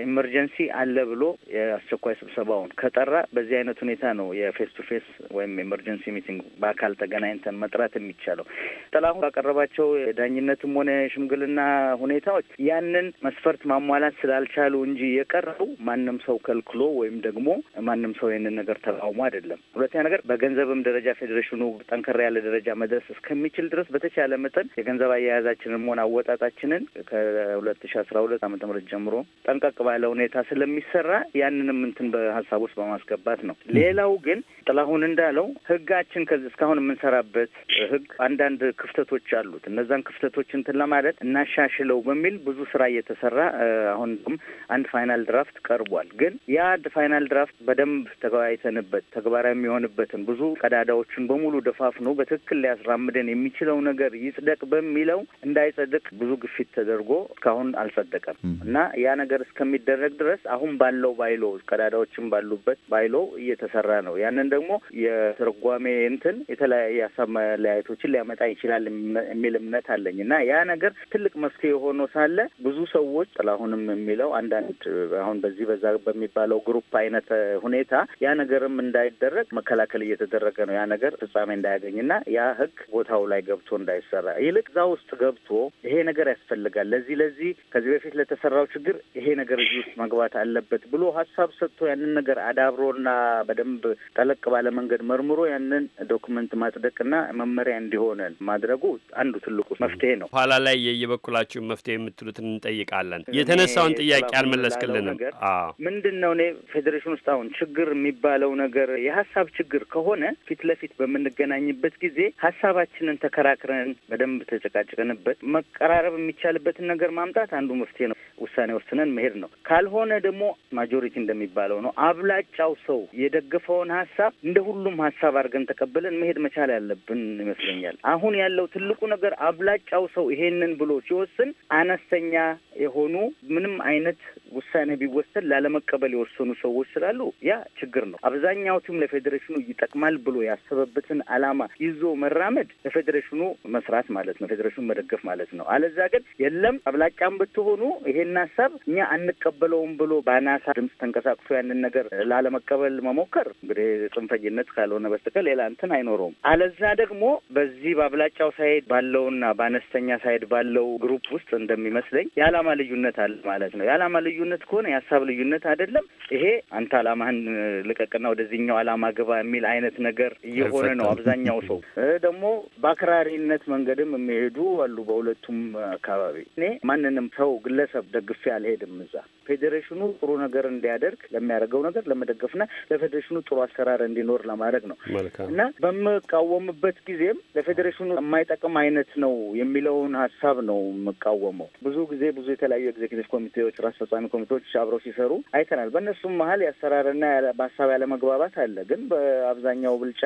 ኢመርጀንሲ አለ ብሎ የአስቸኳይ ስብሰባውን ከጠራ በዚህ አይነት ሁኔታ ነው የፌስ ቱ ፌስ ወይም ኤመርጀንሲ ሚቲንግ በአካል ተገናኝተን መጥራት የሚቻለው። ጥላሁን ባቀረባቸው የዳኝነትም ሆነ የሽምግልና ሁኔታዎች ያንን መስፈርት ማሟላት ስላልቻሉ እንጂ የቀረው ማንም ሰው ከልክሎ ወይም ደግሞ ማንም ሰው ይህንን ነገር ተቃውሞ አይደለም። ሁለተኛ ነገር በገንዘብም ደረጃ ፌዴሬሽኑ ጠንከራ ያለ ደረጃ መድረስ እስከሚችል ድረስ በተቻለ መጠን የገንዘብ አያያዛችንን መሆን አወጣጣችንን ከሁለት ሺ አስራ ሁለት አመተ ምህረት ጀምሮ ጠንቀቅ ባለ ሁኔታ ስለሚሰራ ያንንም እንትን በሀሳብ ውስጥ በማስገባት ነው። ሌላው ግን ጥላሁን እንዳለው ህጋችን ከዚህ እስካሁን የምንሰራበት ህግ አንዳንድ ክፍተቶች አሉት። እነዛን ክፍተቶች እንትን ለማለት እናሻሽለው በሚል ብዙ ስራ እየተሰራ አሁን አንድ ፋይናል ድራፍት ቀርቧል። ግን ያ ፋይናል ድራፍት በደንብ ተገባይተንበት ተግባራዊ የሚሆንበትን ብዙ ቀዳዳዎች ሀሳቦችን በሙሉ ደፋፍኖ በትክክል ሊያስራምደን የሚችለው ነገር ይጽደቅ በሚለው እንዳይጸድቅ ብዙ ግፊት ተደርጎ እስካሁን አልጸደቀም እና ያ ነገር እስከሚደረግ ድረስ አሁን ባለው ባይሎ ቀዳዳዎችን ባሉበት ባይሎ እየተሰራ ነው። ያንን ደግሞ የትርጓሜ እንትን የተለያየ ሀሳብ መለያየቶችን ሊያመጣ ይችላል የሚል እምነት አለኝ እና ያ ነገር ትልቅ መፍትሄ ሆኖ ሳለ ብዙ ሰዎች ጥላሁንም የሚለው አንዳንድ አሁን በዚህ በዛ በሚባለው ግሩፕ አይነት ሁኔታ ያ ነገርም እንዳይደረግ መከላከል እየተደረገ ነው። ያ ነገር ፍጻሜ እንዳያገኝና ያ ህግ ቦታው ላይ ገብቶ እንዳይሰራ ይልቅ እዛ ውስጥ ገብቶ ይሄ ነገር ያስፈልጋል፣ ለዚህ ለዚህ ከዚህ በፊት ለተሰራው ችግር ይሄ ነገር እዚህ ውስጥ መግባት አለበት ብሎ ሀሳብ ሰጥቶ ያንን ነገር አዳብሮና በደንብ ጠለቅ ባለ መንገድ መርምሮ ያንን ዶክመንት ማጽደቅና መመሪያ እንዲሆነን ማድረጉ አንዱ ትልቁ መፍትሄ ነው። ኋላ ላይ የየበኩላችሁን መፍትሄ የምትሉትን እንጠይቃለን። የተነሳውን ጥያቄ አልመለስክልንም። ምንድን ነው እኔ ፌዴሬሽን ውስጥ አሁን ችግር የሚባለው ነገር የሀሳብ ችግር ከሆነ ፊት ለፊት ወደፊት በምንገናኝበት ጊዜ ሀሳባችንን ተከራክረን በደንብ ተጨቃጭቀንበት መቀራረብ የሚቻልበትን ነገር ማምጣት አንዱ መፍትሄ ነው። ውሳኔ ወስነን መሄድ ነው። ካልሆነ ደግሞ ማጆሪቲ እንደሚባለው ነው። አብላጫው ሰው የደገፈውን ሀሳብ እንደ ሁሉም ሀሳብ አድርገን ተቀብለን መሄድ መቻል ያለብን ይመስለኛል። አሁን ያለው ትልቁ ነገር አብላጫው ሰው ይሄንን ብሎ ሲወስን አነስተኛ የሆኑ ምንም አይነት ውሳኔ ቢወሰን ላለመቀበል የወሰኑ ሰዎች ስላሉ ያ ችግር ነው። አብዛኛው ቲም ለፌዴሬሽኑ ይጠቅማል ብሎ ያሰ ያሰበበትን ዓላማ ይዞ መራመድ ለፌዴሬሽኑ መስራት ማለት ነው፣ ፌዴሬሽኑ መደገፍ ማለት ነው። አለዛ ግን የለም አብላጫም ብትሆኑ ይሄን ሀሳብ እኛ አንቀበለውም ብሎ በአናሳ ድምፅ ተንቀሳቅሶ ያንን ነገር ላለመቀበል መሞከር እንግዲህ ጽንፈኝነት ካልሆነ በስተቀር ሌላ እንትን አይኖረውም። አለዛ ደግሞ በዚህ በአብላጫው ሳይድ ባለውና በአነስተኛ ሳይድ ባለው ግሩፕ ውስጥ እንደሚመስለኝ የአላማ ልዩነት አለ ማለት ነው። የአላማ ልዩነት ከሆነ የሀሳብ ልዩነት አይደለም። ይሄ አንተ አላማህን ልቀቅና ወደዚህኛው አላማ ግባ የሚል አይነት ነገር እየ የሆነ ነው አብዛኛው ሰው ደግሞ በአክራሪነት መንገድም የሚሄዱ አሉ። በሁለቱም አካባቢ እኔ ማንንም ሰው ግለሰብ ደግፌ አልሄድም። እዛ ፌዴሬሽኑ ጥሩ ነገር እንዲያደርግ ለሚያደርገው ነገር ለመደገፍና ለፌዴሬሽኑ ጥሩ አሰራር እንዲኖር ለማድረግ ነው እና በምቃወምበት ጊዜም ለፌዴሬሽኑ የማይጠቅም አይነት ነው የሚለውን ሀሳብ ነው የምቃወመው። ብዙ ጊዜ ብዙ የተለያዩ ኤግዜኪቲቭ ኮሚቴዎች፣ ራስ ፈጻሚ ኮሚቴዎች አብረው ሲሰሩ አይተናል። በእነሱም መሀል የአሰራርና በሀሳብ ያለመግባባት አለ። ግን በአብዛኛው ብልጫ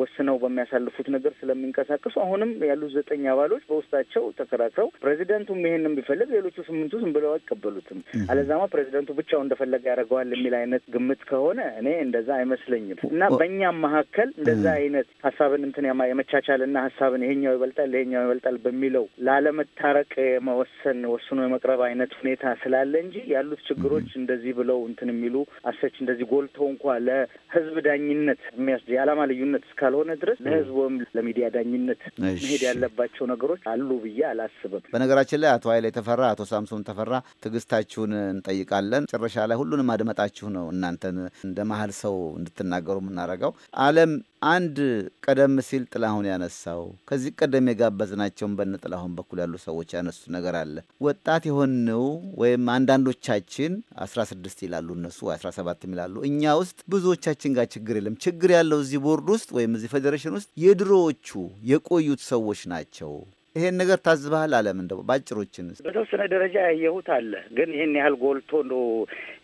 ወስነው በሚያሳልፉት ነገር ስለሚንቀሳቀሱ አሁንም ያሉት ዘጠኝ አባሎች በውስጣቸው ተከራክረው ፕሬዚደንቱም ይሄንን ቢፈልግ ሌሎቹ ስምንቱ ዝም ብለው አይቀበሉትም። አለዛማ ፕሬዚደንቱ ብቻው እንደፈለገ ያደርገዋል የሚል አይነት ግምት ከሆነ እኔ እንደዛ አይመስለኝም እና በእኛም መካከል እንደዛ አይነት ሀሳብን እንትን የመቻቻልና ሀሳብን ይሄኛው ይበልጣል ይሄኛው ይበልጣል በሚለው ላለመታረቅ የመወሰን ወስኖ የመቅረብ አይነት ሁኔታ ስላለ እንጂ ያሉት ችግሮች እንደዚህ ብለው እንትን የሚሉ አሰች እንደዚህ ጎልተው እንኳ ለህዝብ ዳኝነት የሚያስ የዓላማ ልዩ ዳኝነት እስካልሆነ ድረስ ለሕዝቡም ለሚዲያ ዳኝነት መሄድ ያለባቸው ነገሮች አሉ ብዬ አላስብም። በነገራችን ላይ አቶ ኃይሌ ተፈራ፣ አቶ ሳምሶን ተፈራ ትዕግስታችሁን እንጠይቃለን። መጨረሻ ላይ ሁሉንም አድመጣችሁ ነው እናንተን እንደ መሀል ሰው እንድትናገሩ የምናደርገው። አለም አንድ ቀደም ሲል ጥላሁን ያነሳው ከዚህ ቀደም የጋበዝናቸውን በነ ጥላሁን በኩል ያሉ ሰዎች ያነሱት ነገር አለ። ወጣት የሆንነው ወይም አንዳንዶቻችን 16 ይላሉ እነሱ 17 ይላሉ። እኛ ውስጥ ብዙዎቻችን ጋር ችግር የለም። ችግር ያለው እዚህ ቦርድ ውስጥ ወይም እዚህ ፌዴሬሽን ውስጥ የድሮዎቹ የቆዩት ሰዎች ናቸው። ይሄን ነገር ታዝበሃል? አለም እንደ ባጭሮችን በተወሰነ ደረጃ ያየሁት አለ። ግን ይህን ያህል ጎልቶ እንደ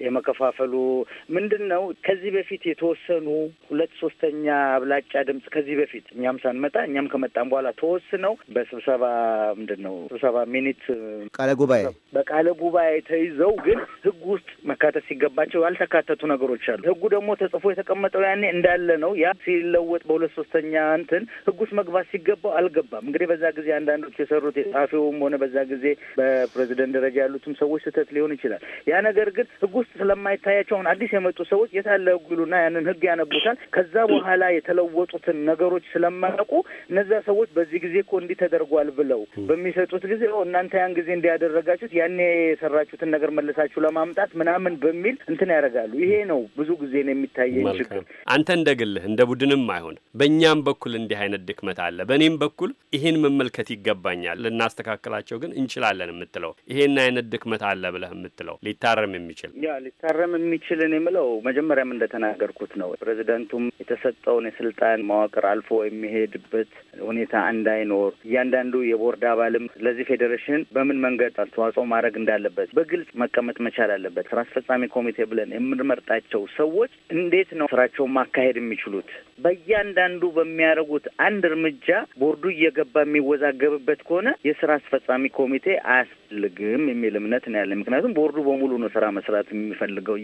የመከፋፈሉ ምንድን ነው ከዚህ በፊት የተወሰኑ ሁለት ሶስተኛ አብላጫ ድምጽ ከዚህ በፊት እኛም ሳንመጣ እኛም ከመጣም በኋላ ተወስነው በስብሰባ ምንድን ነው ስብሰባ ሚኒት ቃለ ጉባኤ በቃለ ጉባኤ ተይዘው ግን ህጉ ውስጥ መካተት ሲገባቸው ያልተካተቱ ነገሮች አሉ። ህጉ ደግሞ ተጽፎ የተቀመጠው ያኔ እንዳለ ነው። ያ ሲለወጥ በሁለት ሶስተኛ እንትን ህጉ ውስጥ መግባት ሲገባው አልገባም። እንግዲህ በዛ ጊዜ አንዳንድ አንዳንዶቹ የሰሩት የጻፊውም ሆነ በዛ ጊዜ በፕሬዚደንት ደረጃ ያሉትም ሰዎች ስህተት ሊሆን ይችላል። ያ ነገር ግን ህግ ውስጥ ስለማይታያቸው አሁን አዲስ የመጡ ሰዎች የታለ ህጉ ያንን ህግ ያነቡታል። ከዛ በኋላ የተለወጡትን ነገሮች ስለማያውቁ እነዛ ሰዎች በዚህ ጊዜ እኮ እንዲህ ተደርጓል ብለው በሚሰጡት ጊዜ እናንተ ያን ጊዜ እንዲያደረጋችሁት ያኔ የሰራችሁትን ነገር መልሳችሁ ለማምጣት ምናምን በሚል እንትን ያደርጋሉ። ይሄ ነው ብዙ ጊዜ ነው የሚታየኝ ችግር። አንተ እንደ ግልህ እንደ ቡድንም አይሆን በእኛም በኩል እንዲህ አይነት ድክመት አለ። በእኔም በኩል ይሄን መመልከት ይገባል ይገባኛል፣ ልናስተካክላቸው ግን እንችላለን የምትለው ይሄን አይነት ድክመት አለ ብለህ የምትለው ሊታረም የሚችል ያ ሊታረም የሚችልን የምለው መጀመሪያም እንደተናገርኩት ነው። ፕሬዚደንቱም የተሰጠውን የስልጣን መዋቅር አልፎ የሚሄድበት ሁኔታ እንዳይኖር እያንዳንዱ የቦርድ አባልም ለዚህ ፌዴሬሽን በምን መንገድ አስተዋጽኦ ማድረግ እንዳለበት በግልጽ መቀመጥ መቻል አለበት። ስራ አስፈጻሚ ኮሚቴ ብለን የምንመርጣቸው ሰዎች እንዴት ነው ስራቸውን ማካሄድ የሚችሉት? በእያንዳንዱ በሚያደርጉት አንድ እርምጃ ቦርዱ እየገባ የሚወዛገብ የሚመደብበት ከሆነ የስራ አስፈጻሚ ኮሚቴ አያስፈልግም የሚል እምነት ነው ያለ። ምክንያቱም ቦርዱ በሙሉ ነው ስራ መስራት የሚፈልገው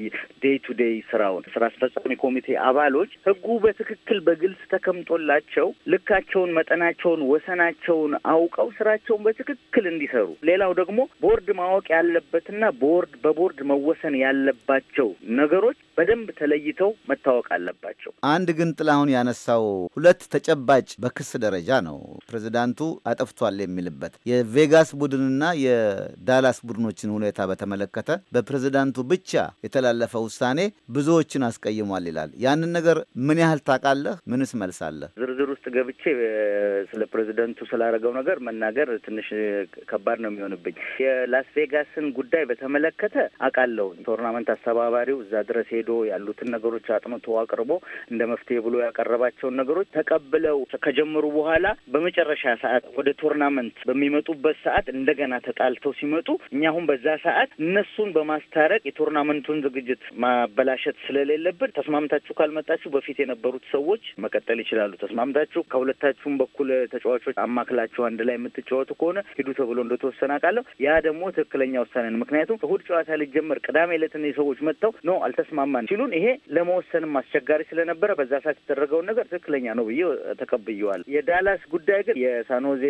ዴይ ቱ ዴይ ስራውን። ስራ አስፈጻሚ ኮሚቴ አባሎች ህጉ በትክክል በግልጽ ተቀምጦላቸው ልካቸውን፣ መጠናቸውን፣ ወሰናቸውን አውቀው ስራቸውን በትክክል እንዲሰሩ፣ ሌላው ደግሞ ቦርድ ማወቅ ያለበትና ቦርድ በቦርድ መወሰን ያለባቸው ነገሮች በደንብ ተለይተው መታወቅ አለባቸው። አንድ ግን ጥላሁን ያነሳው ሁለት ተጨባጭ በክስ ደረጃ ነው ፕሬዚዳንቱ አጠፍቶ ተከስቷል የሚልበት የቬጋስ ቡድንና የዳላስ ቡድኖችን ሁኔታ በተመለከተ በፕሬዝዳንቱ ብቻ የተላለፈ ውሳኔ ብዙዎችን አስቀይሟል ይላል። ያንን ነገር ምን ያህል ታውቃለህ? ምንስ መልሳለህ? ዝርዝር ውስጥ ገብቼ ስለ ፕሬዝደንቱ ስላደረገው ነገር መናገር ትንሽ ከባድ ነው የሚሆንብኝ። የላስ ቬጋስን ጉዳይ በተመለከተ አውቃለሁ። ቶርናመንት አስተባባሪው እዛ ድረስ ሄዶ ያሉትን ነገሮች አጥንቶ አቅርቦ እንደ መፍትሄ ብሎ ያቀረባቸውን ነገሮች ተቀብለው ከጀመሩ በኋላ በመጨረሻ ሰዓት ወደ ቶርናመንት በሚመጡበት ሰዓት እንደገና ተጣልተው ሲመጡ እኛ አሁን በዛ ሰዓት እነሱን በማስታረቅ የቶርናመንቱን ዝግጅት ማበላሸት ስለሌለብን ተስማምታችሁ ካልመጣችሁ በፊት የነበሩት ሰዎች መቀጠል ይችላሉ። ተስማምታችሁ ከሁለታችሁም በኩል ተጫዋቾች አማክላችሁ አንድ ላይ የምትጫወቱ ከሆነ ሂዱ ተብሎ እንደተወሰነ አውቃለሁ። ያ ደግሞ ትክክለኛ ውሳኔ ነው። ምክንያቱም እሁድ ጨዋታ ሊጀመር ቅዳሜ ዕለት ሰዎች መጥተው ኖ አልተስማማን ሲሉን ይሄ ለመወሰንም አስቸጋሪ ስለነበረ በዛ ሰዓት የተደረገውን ነገር ትክክለኛ ነው ብዬ ተቀብየዋል። የዳላስ ጉዳይ ግን የሳኖዜ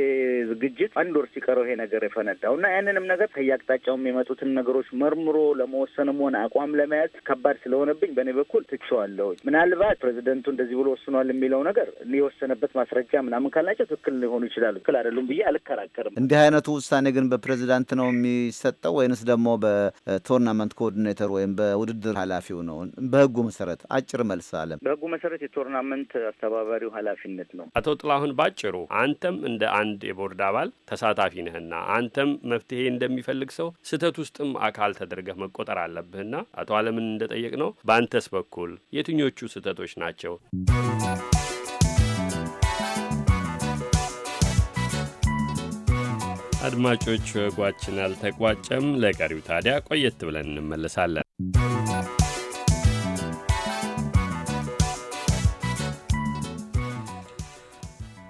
ዝግጅት አንድ ወር ሲቀረው ይሄ ነገር የፈነዳው እና ያንንም ነገር ከየአቅጣጫው የሚመጡትን ነገሮች መርምሮ ለመወሰንም ሆነ አቋም ለመያዝ ከባድ ስለሆነብኝ በእኔ በኩል ትችዋለሁ። ምናልባት ፕሬዚደንቱ እንደዚህ ብሎ ወስኗል የሚለው ነገር የወሰነበት ማስረጃ ምናምን ካላቸው ትክክል ሊሆኑ ይችላሉ። ትክክል አይደሉም ብዬ አልከራከርም። እንዲህ አይነቱ ውሳኔ ግን በፕሬዚዳንት ነው የሚሰጠው ወይንስ ደግሞ በቶርናመንት ኮኦርዲኔተር ወይም በውድድር ኃላፊው ነው? በህጉ መሰረት አጭር መልስ አለም። በህጉ መሰረት የቶርናመንት አስተባባሪው ኃላፊነት ነው። አቶ ጥላሁን ባጭሩ አንተም እንደ አንድ የቦርድ አባል ተሳታፊ ነህና አንተም መፍትሄ እንደሚፈልግ ሰው ስህተት ውስጥም አካል ተደርገህ መቆጠር አለብህና አቶ አለምን እንደጠየቅ ነው በአንተስ በኩል የትኞቹ ስህተቶች ናቸው? አድማጮች፣ ወጓችን አልተቋጨም። ለቀሪው ታዲያ ቆየት ብለን እንመለሳለን።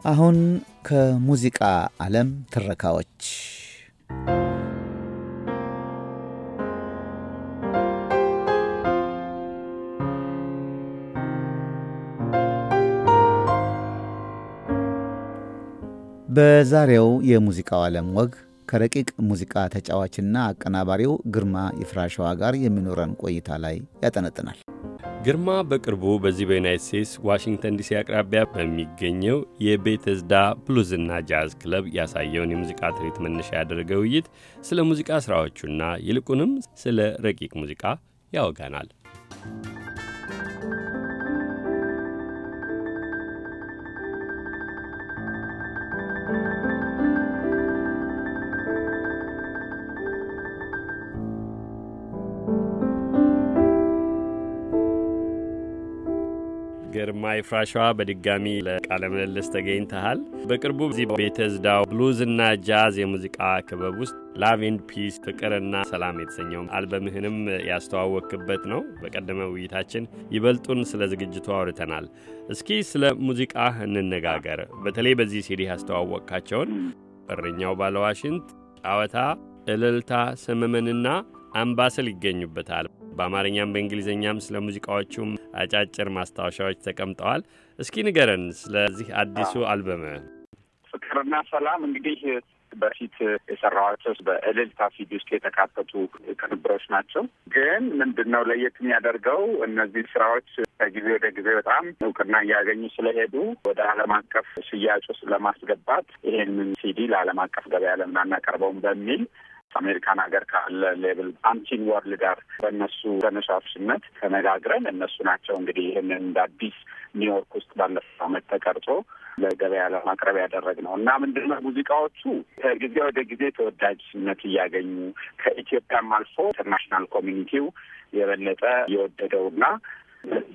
አሁን ከሙዚቃ ዓለም ትረካዎች በዛሬው የሙዚቃው ዓለም ወግ ከረቂቅ ሙዚቃ ተጫዋችና አቀናባሪው ግርማ ይፍራሸዋ ጋር የሚኖረን ቆይታ ላይ ያጠነጥናል። ግርማ በቅርቡ በዚህ በዩናይት ስቴትስ ዋሽንግተን ዲሲ አቅራቢያ በሚገኘው የቤተዝዳ ብሉዝና ጃዝ ክለብ ያሳየውን የሙዚቃ ትርኢት መነሻ ያደረገ ውይይት ስለ ሙዚቃ ሥራዎቹና ይልቁንም ስለ ረቂቅ ሙዚቃ ያወጋናል። ግርማ በድጋሚ ለቃለምልልስ ተገኝተሃል። በቅርቡ በዚህ ቤተዝዳው ብሉዝ ብሉዝና ጃዝ የሙዚቃ ክበብ ውስጥ ላቭ ኤንድ ፒስ ፍቅርና ሰላም የተሰኘው አልበምህንም ያስተዋወክበት ነው። በቀደመ ውይይታችን ይበልጡን ስለ ዝግጅቱ አውርተናል። እስኪ ስለ ሙዚቃ እንነጋገር። በተለይ በዚህ ሲዲ ያስተዋወቅካቸውን እረኛው ባለዋሽንት፣ ጫወታ፣ እልልታ፣ ስምምንና አምባሰል ይገኙበታል። በአማርኛም በእንግሊዝኛም ስለ ሙዚቃዎቹም አጫጭር ማስታወሻዎች ተቀምጠዋል። እስኪ ንገረን ስለዚህ አዲሱ አልበም። ፍቅርና ሰላም እንግዲህ በፊት የሰራኋቸው በእልልታ ሲዲ ውስጥ የተካተቱ ቅንብሮች ናቸው። ግን ምንድን ነው ለየት የሚያደርገው እነዚህ ስራዎች ከጊዜ ወደ ጊዜ በጣም እውቅና እያገኙ ስለሄዱ ወደ ዓለም አቀፍ ሽያጭ ውስጥ ለማስገባት ይሄንን ሲዲ ለዓለም አቀፍ ገበያ ለምን አናቀርበውም በሚል አሜሪካን ሀገር ካለ ሌብል አንቲን ወርል ጋር በእነሱ ተነሳሽነት ተነጋግረን እነሱ ናቸው እንግዲህ ይህንን እንደ አዲስ ኒውዮርክ ውስጥ ባለፈው ዓመት ተቀርጾ ለገበያ ለማቅረብ ያደረግ ነው እና ምንድነው ሙዚቃዎቹ ከጊዜ ወደ ጊዜ ተወዳጅነት እያገኙ ከኢትዮጵያም አልፎ ኢንተርናሽናል ኮሚኒቲው የበለጠ የወደደው እና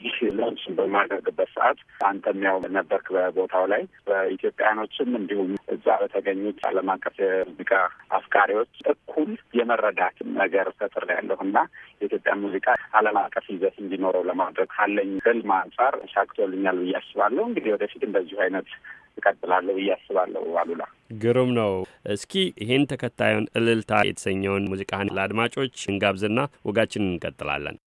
ይህ ለምሱን በማድረግበት ሰዓት አንተም ያው ነበርክ በቦታው ላይ በኢትዮጵያኖችም እንዲሁም እዛ በተገኙት ዓለም አቀፍ የሙዚቃ አፍቃሪዎች እኩል የመረዳት ነገር ፈጥር ያለሁ እና የኢትዮጵያ ሙዚቃ ዓለም አቀፍ ይዘት እንዲኖረው ለማድረግ ካለኝ ህልም አንጻር ሻክቶልኛል ብዬ አስባለሁ። እንግዲህ ወደፊት እንደዚሁ አይነት እቀጥላለሁ ብዬ አስባለሁ። አሉላ ግሩም ነው። እስኪ ይህን ተከታዩን እልልታ የተሰኘውን ሙዚቃህን ለአድማጮች እንጋብዝና ወጋችንን እንቀጥላለን።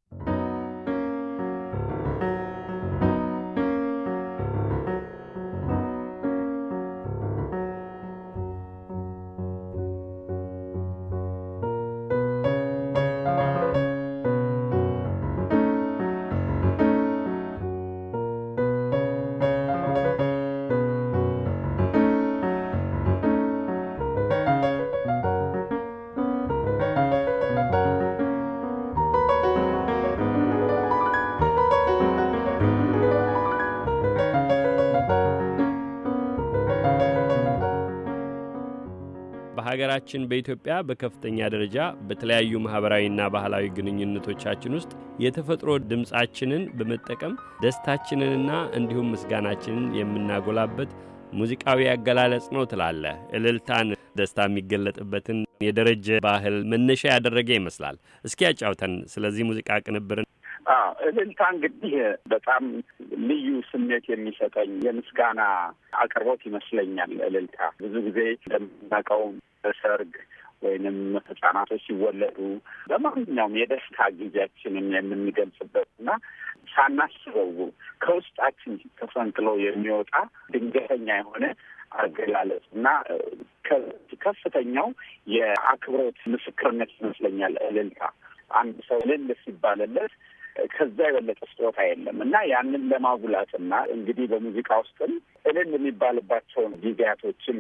ሀገራችን በኢትዮጵያ በከፍተኛ ደረጃ በተለያዩ ማኅበራዊና ባህላዊ ግንኙነቶቻችን ውስጥ የተፈጥሮ ድምፃችንን በመጠቀም ደስታችንንና እንዲሁም ምስጋናችንን የምናጎላበት ሙዚቃዊ አገላለጽ ነው ትላለህ። እልልታን ደስታ የሚገለጥበትን የደረጀ ባህል መነሻ ያደረገ ይመስላል። እስኪ ያጫውተን ስለዚህ ሙዚቃ ቅንብርን እልልታ እንግዲህ በጣም ልዩ ስሜት የሚሰጠኝ የምስጋና አቅርቦት ይመስለኛል። እልልታ ብዙ ጊዜ እንደምናውቀው በሰርግ ወይንም ህጻናቶች ሲወለዱ በማንኛውም የደስታ ጊዜያችንን የምንገልጽበት እና ሳናስበው ከውስጣችን ተፈንቅሎ የሚወጣ ድንገተኛ የሆነ አገላለጽ እና ከፍተኛው የአክብሮት ምስክርነት ይመስለኛል እልልታ። አንድ ሰው እልል ሲባልለት ከዛ የበለጠ ስጦታ የለም እና ያንን ለማጉላትና እንግዲህ በሙዚቃ ውስጥም እልል የሚባልባቸውን ጊዜያቶችን፣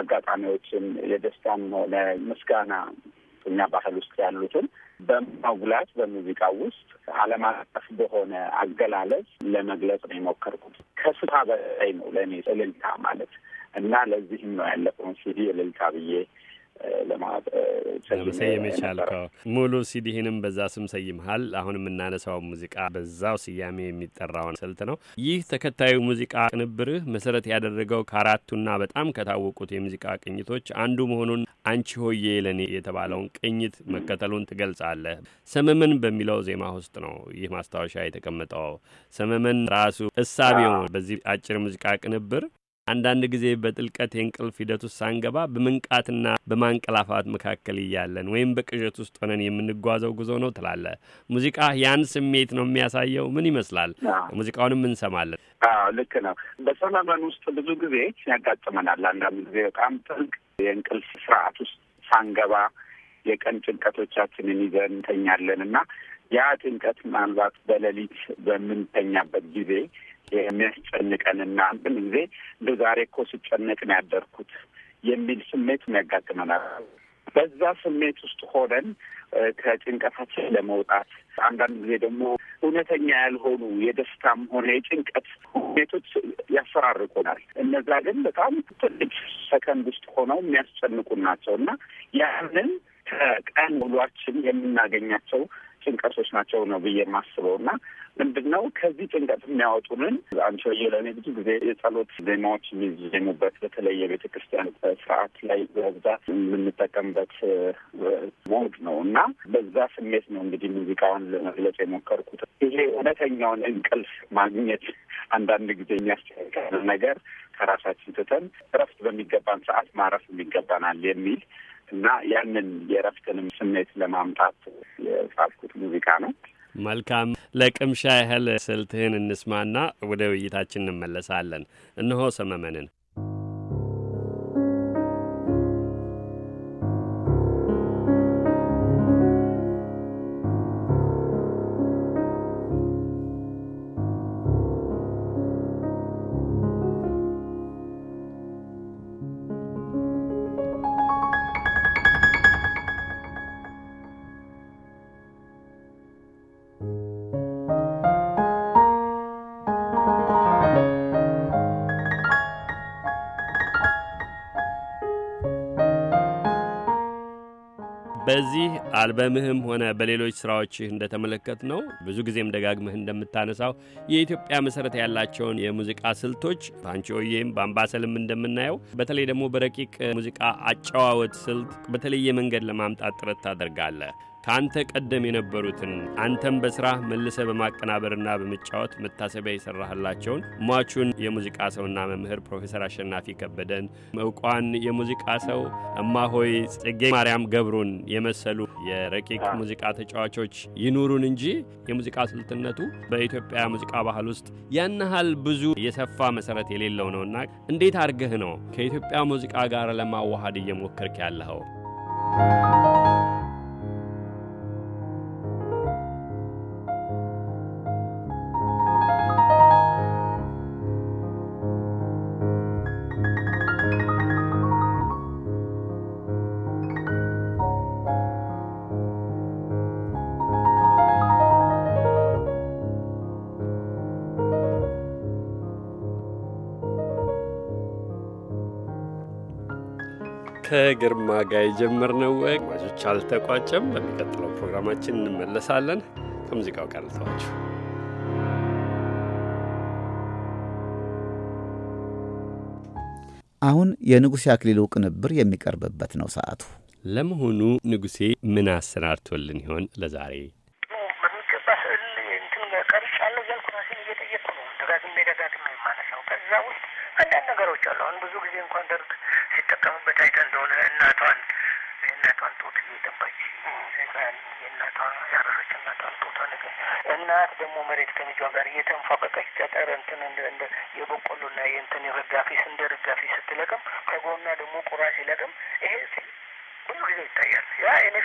አጋጣሚዎችን የደስታም ሆነ ምስጋና እኛ ባህል ውስጥ ያሉትን በማጉላት በሙዚቃ ውስጥ ዓለም አቀፍ በሆነ አገላለጽ ለመግለጽ ነው የሞከርኩት። ከስታ በላይ ነው ለእኔ እልልታ ማለት እና ለዚህም ነው ያለፈውን ሲዲ እልልታ ብዬ ለመሰየም የቻልከው ሙሉ ሲዲህንም በዛ ስም ሰይመሃል። አሁን የምናነሳው ሙዚቃ በዛው ስያሜ የሚጠራውን ስልት ነው። ይህ ተከታዩ ሙዚቃ ቅንብርህ መሰረት ያደረገው ከአራቱና በጣም ከታወቁት የሙዚቃ ቅኝቶች አንዱ መሆኑን አንቺ ሆዬ ለኔ የተባለውን ቅኝት መከተሉን ትገልጻለህ። ሰመመን በሚለው ዜማ ውስጥ ነው ይህ ማስታወሻ የተቀመጠው። ሰመመን ራሱ እሳቤውን በዚህ አጭር ሙዚቃ ቅንብር አንዳንድ ጊዜ በጥልቀት የእንቅልፍ ሂደት ውስጥ ሳንገባ በመንቃትና በማንቀላፋት መካከል እያለን ወይም በቅዠት ውስጥ ሆነን የምንጓዘው ጉዞ ነው ትላለ። ሙዚቃ ያን ስሜት ነው የሚያሳየው። ምን ይመስላል? ሙዚቃውንም እንሰማለን። ልክ ነው። በሰመመን ውስጥ ብዙ ጊዜ ያጋጥመናል። አንዳንድ ጊዜ በጣም ጥልቅ የእንቅልፍ ስርዓት ውስጥ ሳንገባ የቀን ጭንቀቶቻችንን ይዘን እንተኛለን እና ያ ጭንቀት ምናልባት በሌሊት በምንተኛበት ጊዜ የሚያስጨንቀንና አንድም ጊዜ እንደ ዛሬ እኮ ስጨነቅ ነው ያደርኩት የሚል ስሜት ያጋጥመናል። በዛ ስሜት ውስጥ ሆነን ከጭንቀታችን ለመውጣት አንዳንድ ጊዜ ደግሞ እውነተኛ ያልሆኑ የደስታም ሆነ የጭንቀት ሁኔቶች ያፈራርቁናል። እነዛ ግን በጣም ትንሽ ሰከንድ ውስጥ ሆነው የሚያስጨንቁን ናቸው እና ያንን ከቀን ውሏችን የምናገኛቸው ጭንቀቶች ናቸው ነው ብዬ የማስበው እና ምንድን ነው ከዚህ ጭንቀት የሚያወጡንን አንቺ ወየ ለእኔ ብዙ ጊዜ የጸሎት ዜማዎች የሚዜሙበት በተለይ የቤተ ክርስቲያን ስርዓት ላይ በብዛት የምንጠቀምበት ሞድ ነው እና በዛ ስሜት ነው እንግዲህ ሙዚቃውን ለመግለጽ የሞከርኩት። ይሄ እውነተኛውን እንቅልፍ ማግኘት አንዳንድ ጊዜ የሚያስጨንቀን ነገር ከራሳችን ትተን እረፍት በሚገባን ሰዓት ማረፍ የሚገባናል የሚል እና ያንን የእረፍትንም ስሜት ለማምጣት የጻፍኩት ሙዚቃ ነው። መልካም ለቅምሻ ያህል ስልትህን እንስማና ወደ ውይይታችን እንመለሳለን። እነሆ ሰመመንን በአልበምህም ሆነ በሌሎች ሥራዎችህ እንደተመለከት ነው ብዙ ጊዜም ደጋግመህ እንደምታነሳው የኢትዮጵያ መሰረት ያላቸውን የሙዚቃ ስልቶች ወይም በአምባሰልም እንደምናየው በተለይ ደግሞ በረቂቅ ሙዚቃ አጨዋወት ስልት በተለየ መንገድ ለማምጣት ጥረት ታደርጋለህ። ከአንተ ቀደም የነበሩትን አንተም በሥራህ መልሰ በማቀናበርና በመጫወት መታሰቢያ የሠራህላቸውን ሟቹን የሙዚቃ ሰውና መምህር ፕሮፌሰር አሸናፊ ከበደን፣ እውቋን የሙዚቃ ሰው እማሆይ ጽጌ ማርያም ገብሩን የመሰሉ የረቂቅ ሙዚቃ ተጫዋቾች ይኑሩን እንጂ የሙዚቃ ስልትነቱ በኢትዮጵያ ሙዚቃ ባህል ውስጥ ያን ያህል ብዙ የሰፋ መሰረት የሌለው ነውና እንዴት አድርገህ ነው ከኢትዮጵያ ሙዚቃ ጋር ለማዋሃድ እየሞከርክ ያለኸው? ከግርማ ጋር የጀመርነው ወግ ማዞች አልተቋጨም። በሚቀጥለው ፕሮግራማችን እንመለሳለን። ከሙዚቃው ጋር ልተዋችሁ። አሁን የንጉሴ አክሊሉ ቅንብር የሚቀርብበት ነው ሰዓቱ። ለመሆኑ ንጉሴ ምን አሰናድቶልን ይሆን ለዛሬ?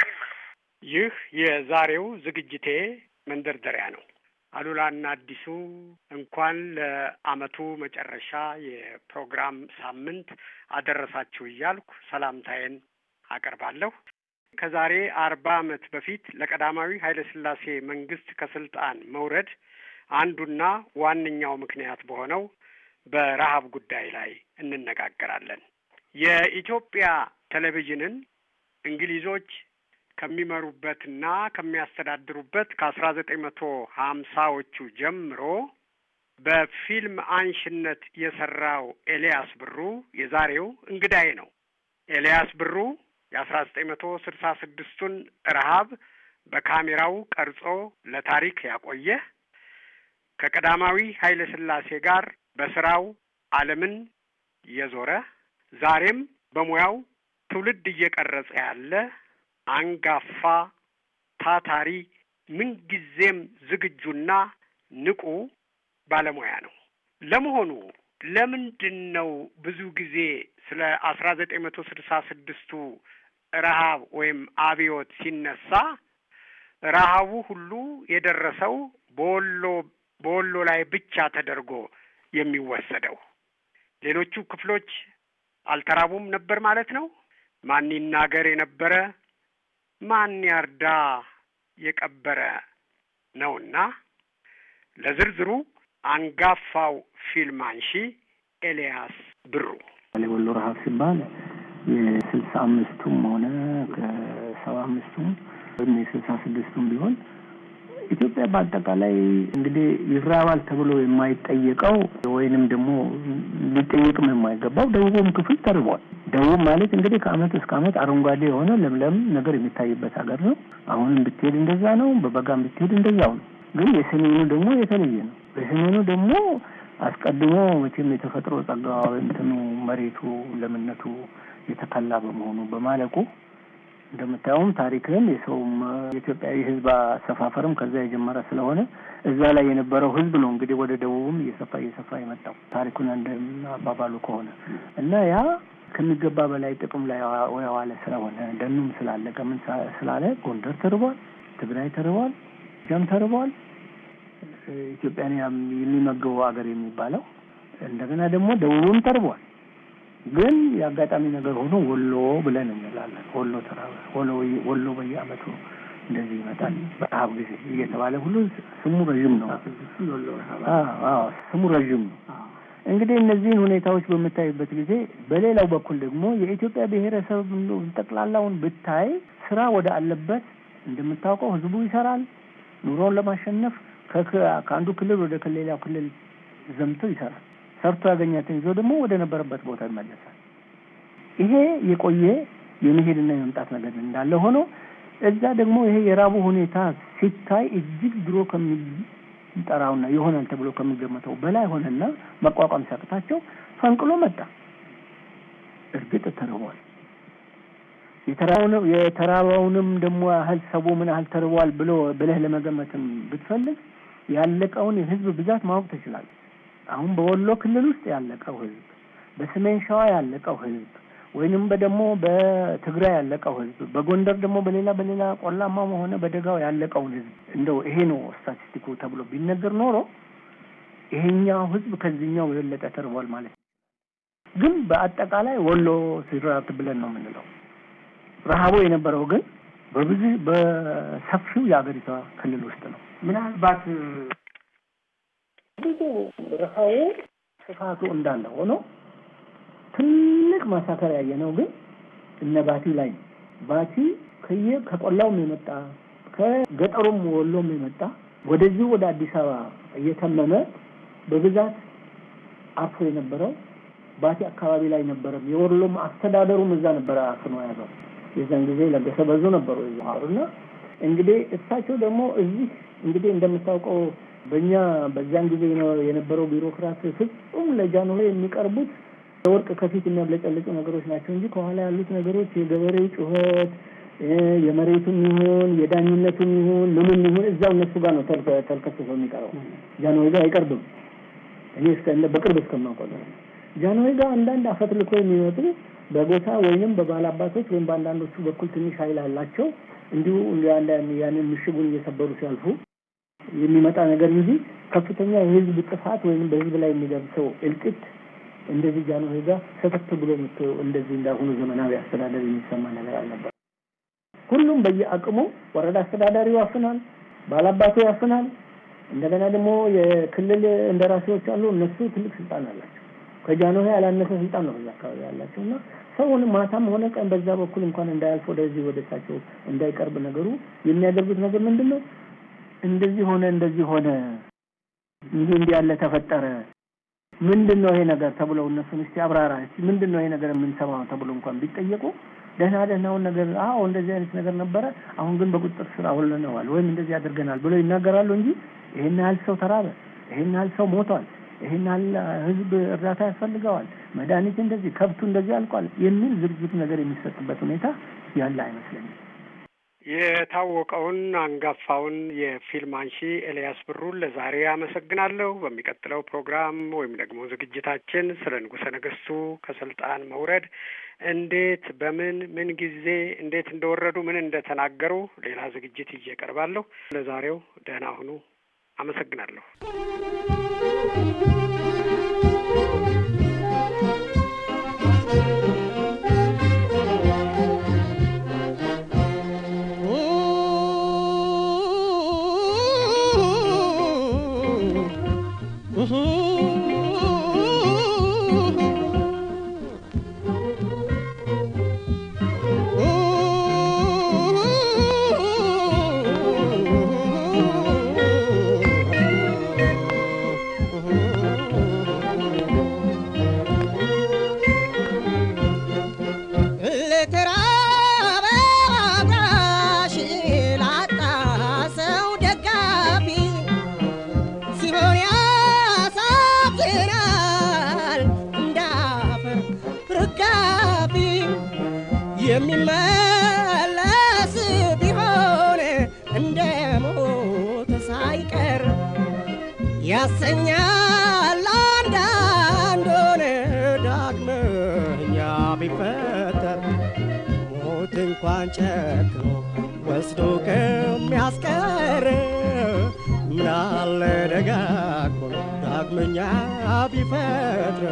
ፊልም ነው። ይህ የዛሬው ዝግጅቴ መንደርደሪያ ነው። አሉላና አዲሱ እንኳን ለአመቱ መጨረሻ የፕሮግራም ሳምንት አደረሳችሁ እያልኩ ሰላምታዬን አቀርባለሁ። ከዛሬ አርባ ዓመት በፊት ለቀዳማዊ ኃይለ ሥላሴ መንግስት ከስልጣን መውረድ አንዱና ዋነኛው ምክንያት በሆነው በረሃብ ጉዳይ ላይ እንነጋገራለን። የኢትዮጵያ ቴሌቪዥንን እንግሊዞች ከሚመሩበትና ከሚያስተዳድሩበት ከአስራ ዘጠኝ መቶ ሀምሳዎቹ ጀምሮ በፊልም አንሽነት የሰራው ኤልያስ ብሩ የዛሬው እንግዳዬ ነው። ኤልያስ ብሩ የአስራ ዘጠኝ መቶ ስልሳ ስድስቱን በካሜራው ቀርጾ ለታሪክ ያቆየ ከቀዳማዊ ኃይለ ሥላሴ ጋር በስራው ዓለምን የዞረ ዛሬም በሙያው ትውልድ እየቀረጸ ያለ አንጋፋ፣ ታታሪ፣ ምንጊዜም ዝግጁና ንቁ ባለሙያ ነው። ለመሆኑ ለምንድን ነው ብዙ ጊዜ ስለ አስራ ዘጠኝ መቶ ስልሳ ስድስቱ ረሃብ ወይም አብዮት ሲነሳ ረሃቡ ሁሉ የደረሰው በወሎ በወሎ ላይ ብቻ ተደርጎ የሚወሰደው? ሌሎቹ ክፍሎች አልተራቡም ነበር ማለት ነው? ማን ይናገር የነበረ ማን ያርዳ የቀበረ ነውና ለዝርዝሩ አንጋፋው ፊልም አንሺ ኤልያስ ብሩ ወሎ ረሀብ ሲባል የስልሳ አምስቱም ሆነ ከሰባ አምስቱም ወይም የስልሳ ስድስቱም ቢሆን ኢትዮጵያ በአጠቃላይ እንግዲህ ይራባል ተብሎ የማይጠየቀው ወይንም ደግሞ ሊጠየቅም የማይገባው ደቡቡም ክፍል ተርቧል። ደቡብ ማለት እንግዲህ ከአመት እስከ አመት አረንጓዴ የሆነ ለምለም ነገር የሚታይበት ሀገር ነው። አሁንም ብትሄድ እንደዛ ነው። በበጋም ብትሄድ እንደዛው ነው። ግን የሰሜኑ ደግሞ የተለየ ነው። በሰሜኑ ደግሞ አስቀድሞ መቼም የተፈጥሮ ጸጋዋ እንትኑ መሬቱ ለምነቱ የተከላ በመሆኑ በማለቁ እንደምታየውም ታሪክም የሰውም የኢትዮጵያዊ ሕዝብ አሰፋፈርም ከዛ የጀመረ ስለሆነ እዛ ላይ የነበረው ሕዝብ ነው እንግዲህ ወደ ደቡብም እየሰፋ እየሰፋ የመጣው ታሪኩን እንደም አባባሉ ከሆነ እና ያ ከሚገባ በላይ ጥቅም ላይ የዋለ ስለሆነ ደኑም ስላለ ከምን ስላለ ጎንደር ተርቧል፣ ትግራይ ተርቧል፣ ጃም ተርቧል። ኢትዮጵያን የሚመግበው ሀገር የሚባለው እንደገና ደግሞ ደቡብም ተርቧል። ግን የአጋጣሚ ነገር ሆኖ ወሎ ብለን እንላለን። ወሎ ተራበ፣ ወሎ በየአመቱ እንደዚህ ይመጣል በረሀብ ጊዜ እየተባለ ሁሉ ስሙ ረዥም ነው። ስሙ ረዥም ነው። እንግዲህ እነዚህን ሁኔታዎች በምታይበት ጊዜ በሌላው በኩል ደግሞ የኢትዮጵያ ብሔረሰብ ጠቅላላውን ብታይ ስራ ወደ አለበት እንደምታውቀው ህዝቡ ይሰራል። ኑሮውን ለማሸነፍ ከአንዱ ክልል ወደ ከሌላው ክልል ዘምቶ ይሰራል። ሰርቶ ያገኛትን ይዞ ደግሞ ወደ ነበረበት ቦታ ይመለሳል። ይሄ የቆየ የመሄድና የመምጣት ነገር እንዳለ ሆኖ እዛ ደግሞ ይሄ የራቡ ሁኔታ ሲታይ እጅግ ድሮ ጠራውና ይሆናል ተብሎ ከሚገመተው በላይ ሆነና መቋቋም ሲያቅታቸው ፈንቅሎ መጣ። እርግጥ ተርቧል። የተራባውንም ደግሞ ያህል ሰቦ ምን ያህል ተርቧል ብሎ ብለህ ለመገመትም ብትፈልግ ያለቀውን የህዝብ ብዛት ማወቅ ትችላለህ። አሁን በወሎ ክልል ውስጥ ያለቀው ህዝብ፣ በሰሜን ሸዋ ያለቀው ህዝብ ወይንም ደግሞ በትግራይ ያለቀው ህዝብ፣ በጎንደር ደግሞ በሌላ በሌላ ቆላማ ሆነ በደጋው ያለቀውን ህዝብ እንደው ይሄ ነው ስታቲስቲኩ ተብሎ ቢነገር ኖሮ ይሄኛው ህዝብ ከዚህኛው የበለጠ ተርቧል ማለት ነው። ግን በአጠቃላይ ወሎ ሲራት ብለን ነው የምንለው። ረሃቦ የነበረው ግን በብዙ በሰፊው የአገሪቷ ክልል ውስጥ ነው። ምናልባት ብዙ ረሃቡ ስፋቱ እንዳለ ሆኖ ትልቅ ማሳከር ያየ ነው። ግን እነ ባቲ ላይ ባቲ ከየ ከቆላውም የመጣ ከገጠሩም ወሎም የመጣ ወደዚህ ወደ አዲስ አበባ እየተመመ በብዛት አርፎ የነበረው ባቲ አካባቢ ላይ ነበረም። የወሎም አስተዳደሩም እዛ ነበረ አፍኖ ያዘው። የዛን ጊዜ ለገሰ በዙ ነበሩ እና እንግዲህ እሳቸው ደግሞ እዚህ እንግዲህ እንደምታውቀው በእኛ በዚያን ጊዜ የነበረው ቢሮክራት ፍጹም ለጃንሆይ የሚቀርቡት ወርቅ ከፊት የሚያብለጨልጩ ነገሮች ናቸው እንጂ ከኋላ ያሉት ነገሮች የገበሬው ጩኸት፣ የመሬቱም ይሁን የዳኝነቱም ይሁን ምንም ይሁን እዛው እነሱ ጋር ነው ተልከስሶ የሚቀረው። ጃንሆይ ጋር አይቀርብም። እኔ በቅርብ እስከማውቀው ጃንሆይ ጋር አንዳንድ አፈትልኮ የሚመጡ በጎሳ ወይም በባላባቶች ወይም በአንዳንዶቹ በኩል ትንሽ ኃይል አላቸው እንዲሁ ያንን ምሽጉን እየሰበሩ ሲያልፉ የሚመጣ ነገር እንጂ ከፍተኛ የህዝብ ጥፋት ወይም በህዝብ ላይ የሚደርሰው እልቅት እንደዚህ ጃንሆይ ጋር ሰተት ብሎ መጥቶ እንደዚህ እንዳሁኑ ዘመናዊ አስተዳደር የሚሰማ ነገር አልነበር። ሁሉም በየአቅሙ ወረዳ አስተዳዳሪው ያፍናል፣ ባላባቱ ያፍናል። እንደገና ደግሞ የክልል እንደራሴዎች አሉ። እነሱ ትልቅ ስልጣን አላቸው። ከጃንሆይ ያላነሰ ስልጣን ነው በዛ አካባቢ ያላቸው እና ሰውን ማታም ሆነ ቀን በዛ በኩል እንኳን እንዳያልፍ ወደዚህ ወደሳቸው እንዳይቀርብ ነገሩ የሚያደርጉት ነገር ምንድን ነው? እንደዚህ ሆነ እንደዚህ ሆነ እንዲህ እንዲህ ያለ ተፈጠረ ምንድን ነው ይሄ ነገር ተብለው እነሱን እስቲ አብራራ ምንድን ነው ይሄ ነገር የምንሰማው ተብሎ እንኳን ቢጠየቁ ደህና ደህናውን ነገር አዎ እንደዚህ አይነት ነገር ነበረ፣ አሁን ግን በቁጥጥር ስር አውለነዋል ወይም እንደዚህ አድርገናል ብሎ ይናገራሉ እንጂ ይሄን ያህል ሰው ተራበ፣ ይሄን ያህል ሰው ሞቷል፣ ይሄን ያህል ህዝብ እርዳታ ያስፈልገዋል፣ መድኃኒት እንደዚህ፣ ከብቱ እንደዚህ አልቋል የሚል ዝርዝር ነገር የሚሰጥበት ሁኔታ ያለ አይመስለኝም። የታወቀውን አንጋፋውን የፊልም አንሺ ኤልያስ ብሩን ለዛሬ አመሰግናለሁ። በሚቀጥለው ፕሮግራም ወይም ደግሞ ዝግጅታችን ስለ ንጉሠ ነገሥቱ ከስልጣን መውረድ እንዴት፣ በምን ምን ጊዜ እንዴት እንደወረዱ፣ ምን እንደተናገሩ ሌላ ዝግጅት ይዤ እቀርባለሁ። ለዛሬው ደህና ሁኑ። አመሰግናለሁ። ወስዶ ከሚያስቀር ምናለ ደጋግሞ ዳግመኛ ቢፈጥር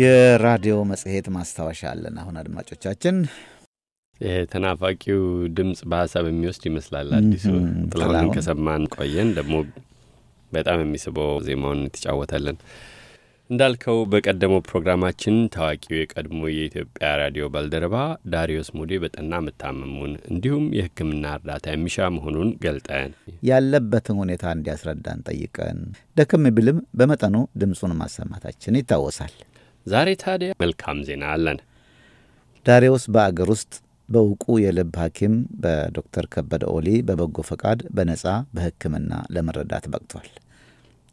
የራዲዮ መጽሔት ማስታወሻ አለን። አሁን አድማጮቻችን ተናፋቂው ድምፅ በሀሳብ የሚወስድ ይመስላል። አዲሱ ጥላሁን ከሰማን ቆየን። ደግሞ በጣም የሚስበው ዜማውን ትጫወታለን። እንዳልከው በቀደመው ፕሮግራማችን ታዋቂው የቀድሞ የኢትዮጵያ ራዲዮ ባልደረባ ዳሪዮስ ሙዴ በጠና መታመሙን እንዲሁም የሕክምና እርዳታ የሚሻ መሆኑን ገልጠን ያለበትን ሁኔታ እንዲያስረዳን ጠይቀን ደክም ብልም በመጠኑ ድምፁን ማሰማታችን ይታወሳል። ዛሬ ታዲያ መልካም ዜና አለን። ዳሬውስ በአገር ውስጥ በእውቁ የልብ ሐኪም በዶክተር ከበደ ኦሊ በበጎ ፈቃድ በነጻ በሕክምና ለመረዳት በቅቷል።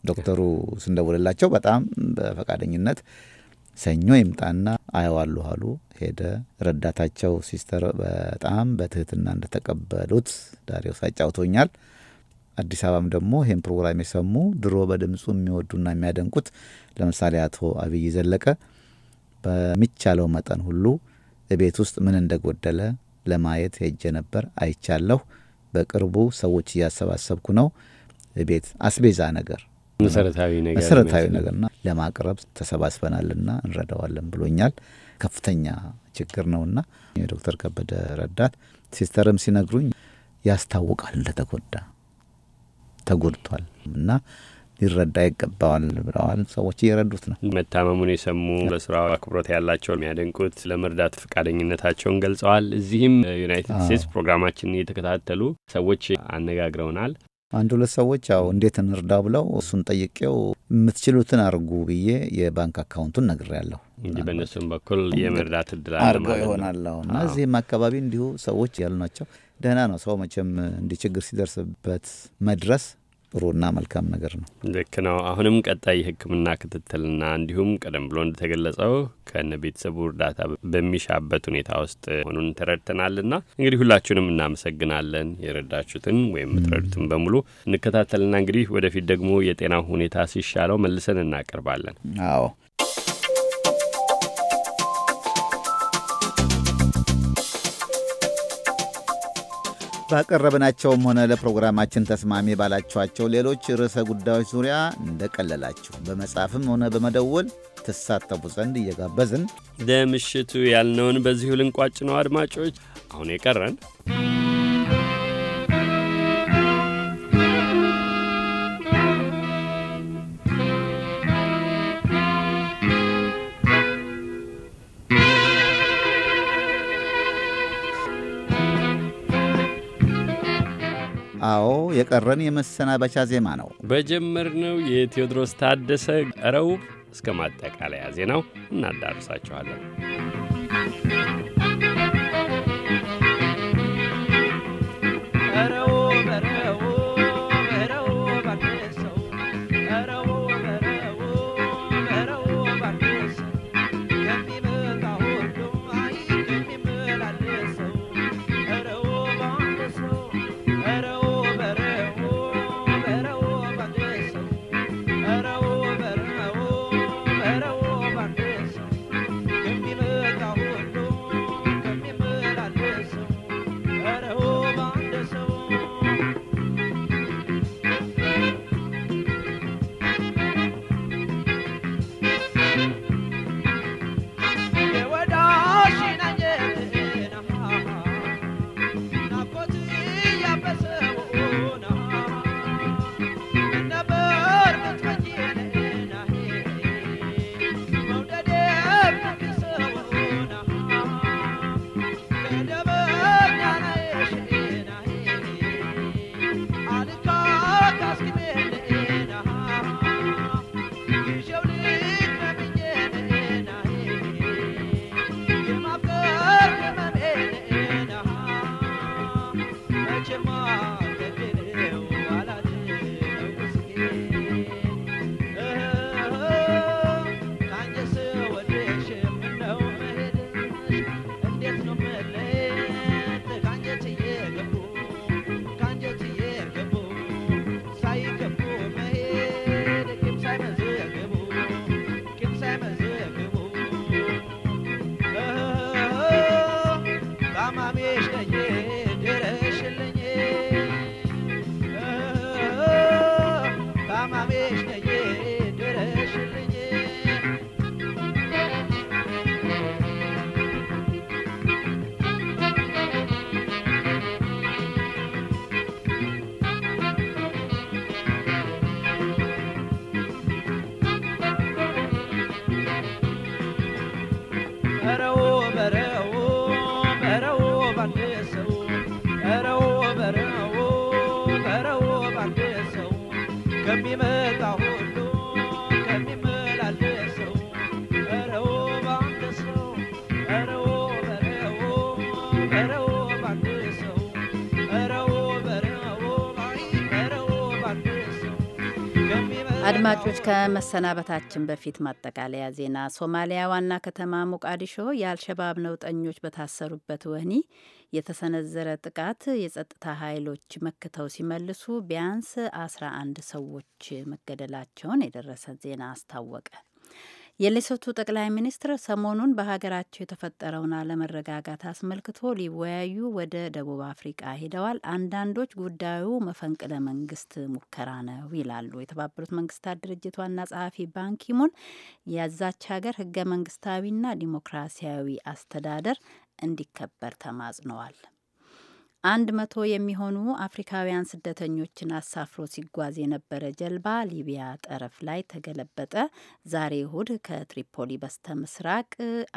ዶክተሩ ስንደውልላቸው በጣም በፈቃደኝነት ሰኞ ይምጣና አየዋሉ አሉ። ሄደ። ረዳታቸው ሲስተር በጣም በትህትና እንደተቀበሉት ዳሬውስ አጫውቶኛል። አዲስ አበባም ደግሞ ይህን ፕሮግራም የሰሙ ድሮ በድምፁ የሚወዱና የሚያደንቁት ለምሳሌ አቶ አብይ ዘለቀ በሚቻለው መጠን ሁሉ ቤት ውስጥ ምን እንደጎደለ ለማየት ሄጄ ነበር፣ አይቻለሁ። በቅርቡ ሰዎች እያሰባሰብኩ ነው። ቤት አስቤዛ ነገር መሰረታዊ ነገር መሰረታዊ ነገርና ለማቅረብ ተሰባስበናልና እንረዳዋለን ብሎኛል። ከፍተኛ ችግር ነውና የዶክተር ከበደ ረዳት ሲስተርም ሲነግሩኝ ያስታውቃል እንደተጎዳ ተጎድቷል እና ሊረዳ ይገባዋል ብለዋል። ሰዎች እየረዱት ነው። መታመሙን የሰሙ ለስራው አክብሮት ያላቸው የሚያደንቁት ለመርዳት ፈቃደኝነታቸውን ገልጸዋል። እዚህም ዩናይትድ ስቴትስ ፕሮግራማችንን እየተከታተሉ ሰዎች አነጋግረውናል። አንድ ሁለት ሰዎች ያው እንዴት እንርዳው ብለው እሱን ጠይቄው የምትችሉትን አርጉ ብዬ የባንክ አካውንቱን ነግሬያለሁ። እንግዲህ በእነሱም በኩል የመርዳት እድል አድርገው ይሆናለሁ እና እዚህም አካባቢ እንዲሁ ሰዎች ያሉ ናቸው። ደህና ነው። ሰው መቼም እንዲህ ችግር ሲደርስበት መድረስ ጥሩና መልካም ነገር ነው። ልክ ነው። አሁንም ቀጣይ የሕክምና ክትትልና እንዲሁም ቀደም ብሎ እንደተገለጸው ከነ ቤተሰቡ እርዳታ በሚሻበት ሁኔታ ውስጥ ሆኑን ተረድተናልና እንግዲህ ሁላችሁንም እናመሰግናለን። የረዳችሁትን ወይም የምትረዱትን በሙሉ እንከታተልና እንግዲህ ወደፊት ደግሞ የጤና ሁኔታ ሲሻለው መልሰን እናቀርባለን። አዎ ባቀረብናቸውም ሆነ ለፕሮግራማችን ተስማሚ ባላችኋቸው ሌሎች ርዕሰ ጉዳዮች ዙሪያ እንደቀለላችሁ በመጻፍም ሆነ በመደወል ትሳተፉ ዘንድ እየጋበዝን ለምሽቱ ያልነውን በዚሁ ልንቋጭ ነው። አድማጮች አሁን የቀረን አዎ የቀረን የመሰናበቻ ዜማ ነው። በጀመርነው የቴዎድሮስ ታደሰ ረቡዕ እስከ ማጠቃለያ ዜናው እናዳርሳችኋለን። አድማጮች ከመሰናበታችን በፊት ማጠቃለያ ዜና። ሶማሊያ ዋና ከተማ ሞቃዲሾ የአልሸባብ ነውጠኞች በታሰሩበት ወህኒ የተሰነዘረ ጥቃት የጸጥታ ኃይሎች መክተው ሲመልሱ ቢያንስ አስራ አንድ ሰዎች መገደላቸውን የደረሰ ዜና አስታወቀ። የሌሶቱ ጠቅላይ ሚኒስትር ሰሞኑን በሀገራቸው የተፈጠረውን አለመረጋጋት አስመልክቶ ሊወያዩ ወደ ደቡብ አፍሪቃ ሄደዋል። አንዳንዶች ጉዳዩ መፈንቅለ መንግስት ሙከራ ነው ይላሉ። የተባበሩት መንግስታት ድርጅት ዋና ጸሐፊ ባንኪሙን ያዛች ሀገር ህገ መንግስታዊና ዲሞክራሲያዊ አስተዳደር እንዲከበር ተማጽነዋል። አንድ መቶ የሚሆኑ አፍሪካውያን ስደተኞችን አሳፍሮ ሲጓዝ የነበረ ጀልባ ሊቢያ ጠረፍ ላይ ተገለበጠ። ዛሬ እሁድ ከትሪፖሊ በስተ ምስራቅ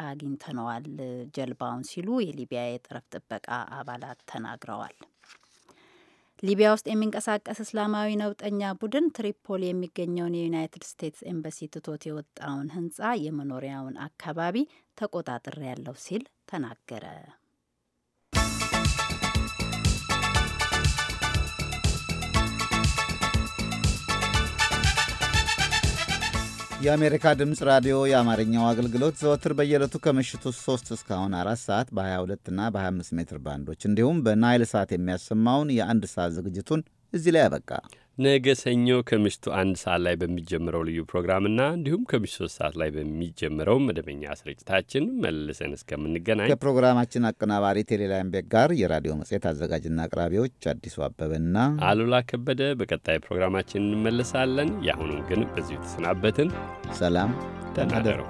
አግኝተነዋል ጀልባውን ሲሉ የሊቢያ የጠረፍ ጥበቃ አባላት ተናግረዋል። ሊቢያ ውስጥ የሚንቀሳቀስ እስላማዊ ነውጠኛ ቡድን ትሪፖሊ የሚገኘውን የዩናይትድ ስቴትስ ኤምባሲ ትቶት የወጣውን ህንጻ የመኖሪያውን አካባቢ ተቆጣጥሬ ያለው ሲል ተናገረ። የአሜሪካ ድምፅ ራዲዮ የአማርኛው አገልግሎት ዘወትር በየዕለቱ ከምሽቱ 3 እስካሁን 4 ሰዓት በ22 እና በ25 ሜትር ባንዶች እንዲሁም በናይል ሰዓት የሚያሰማውን የአንድ ሰዓት ዝግጅቱን እዚህ ላይ ያበቃ። ነገ ሰኞ ከምሽቱ አንድ ሰዓት ላይ በሚጀምረው ልዩ ፕሮግራምና እንዲሁም ከምሽቱ ሶስት ሰዓት ላይ በሚጀምረው መደበኛ ስርጭታችን መልሰን እስከምንገናኝ ከፕሮግራማችን አቀናባሪ ቴሌላይምቤት ጋር የራዲዮ መጽሔት አዘጋጅና አቅራቢዎች አዲሱ አበበና አሉላ ከበደ በቀጣይ ፕሮግራማችን እንመለሳለን። የአሁኑን ግን በዚሁ ተሰናበትን። ሰላም ተናደረው።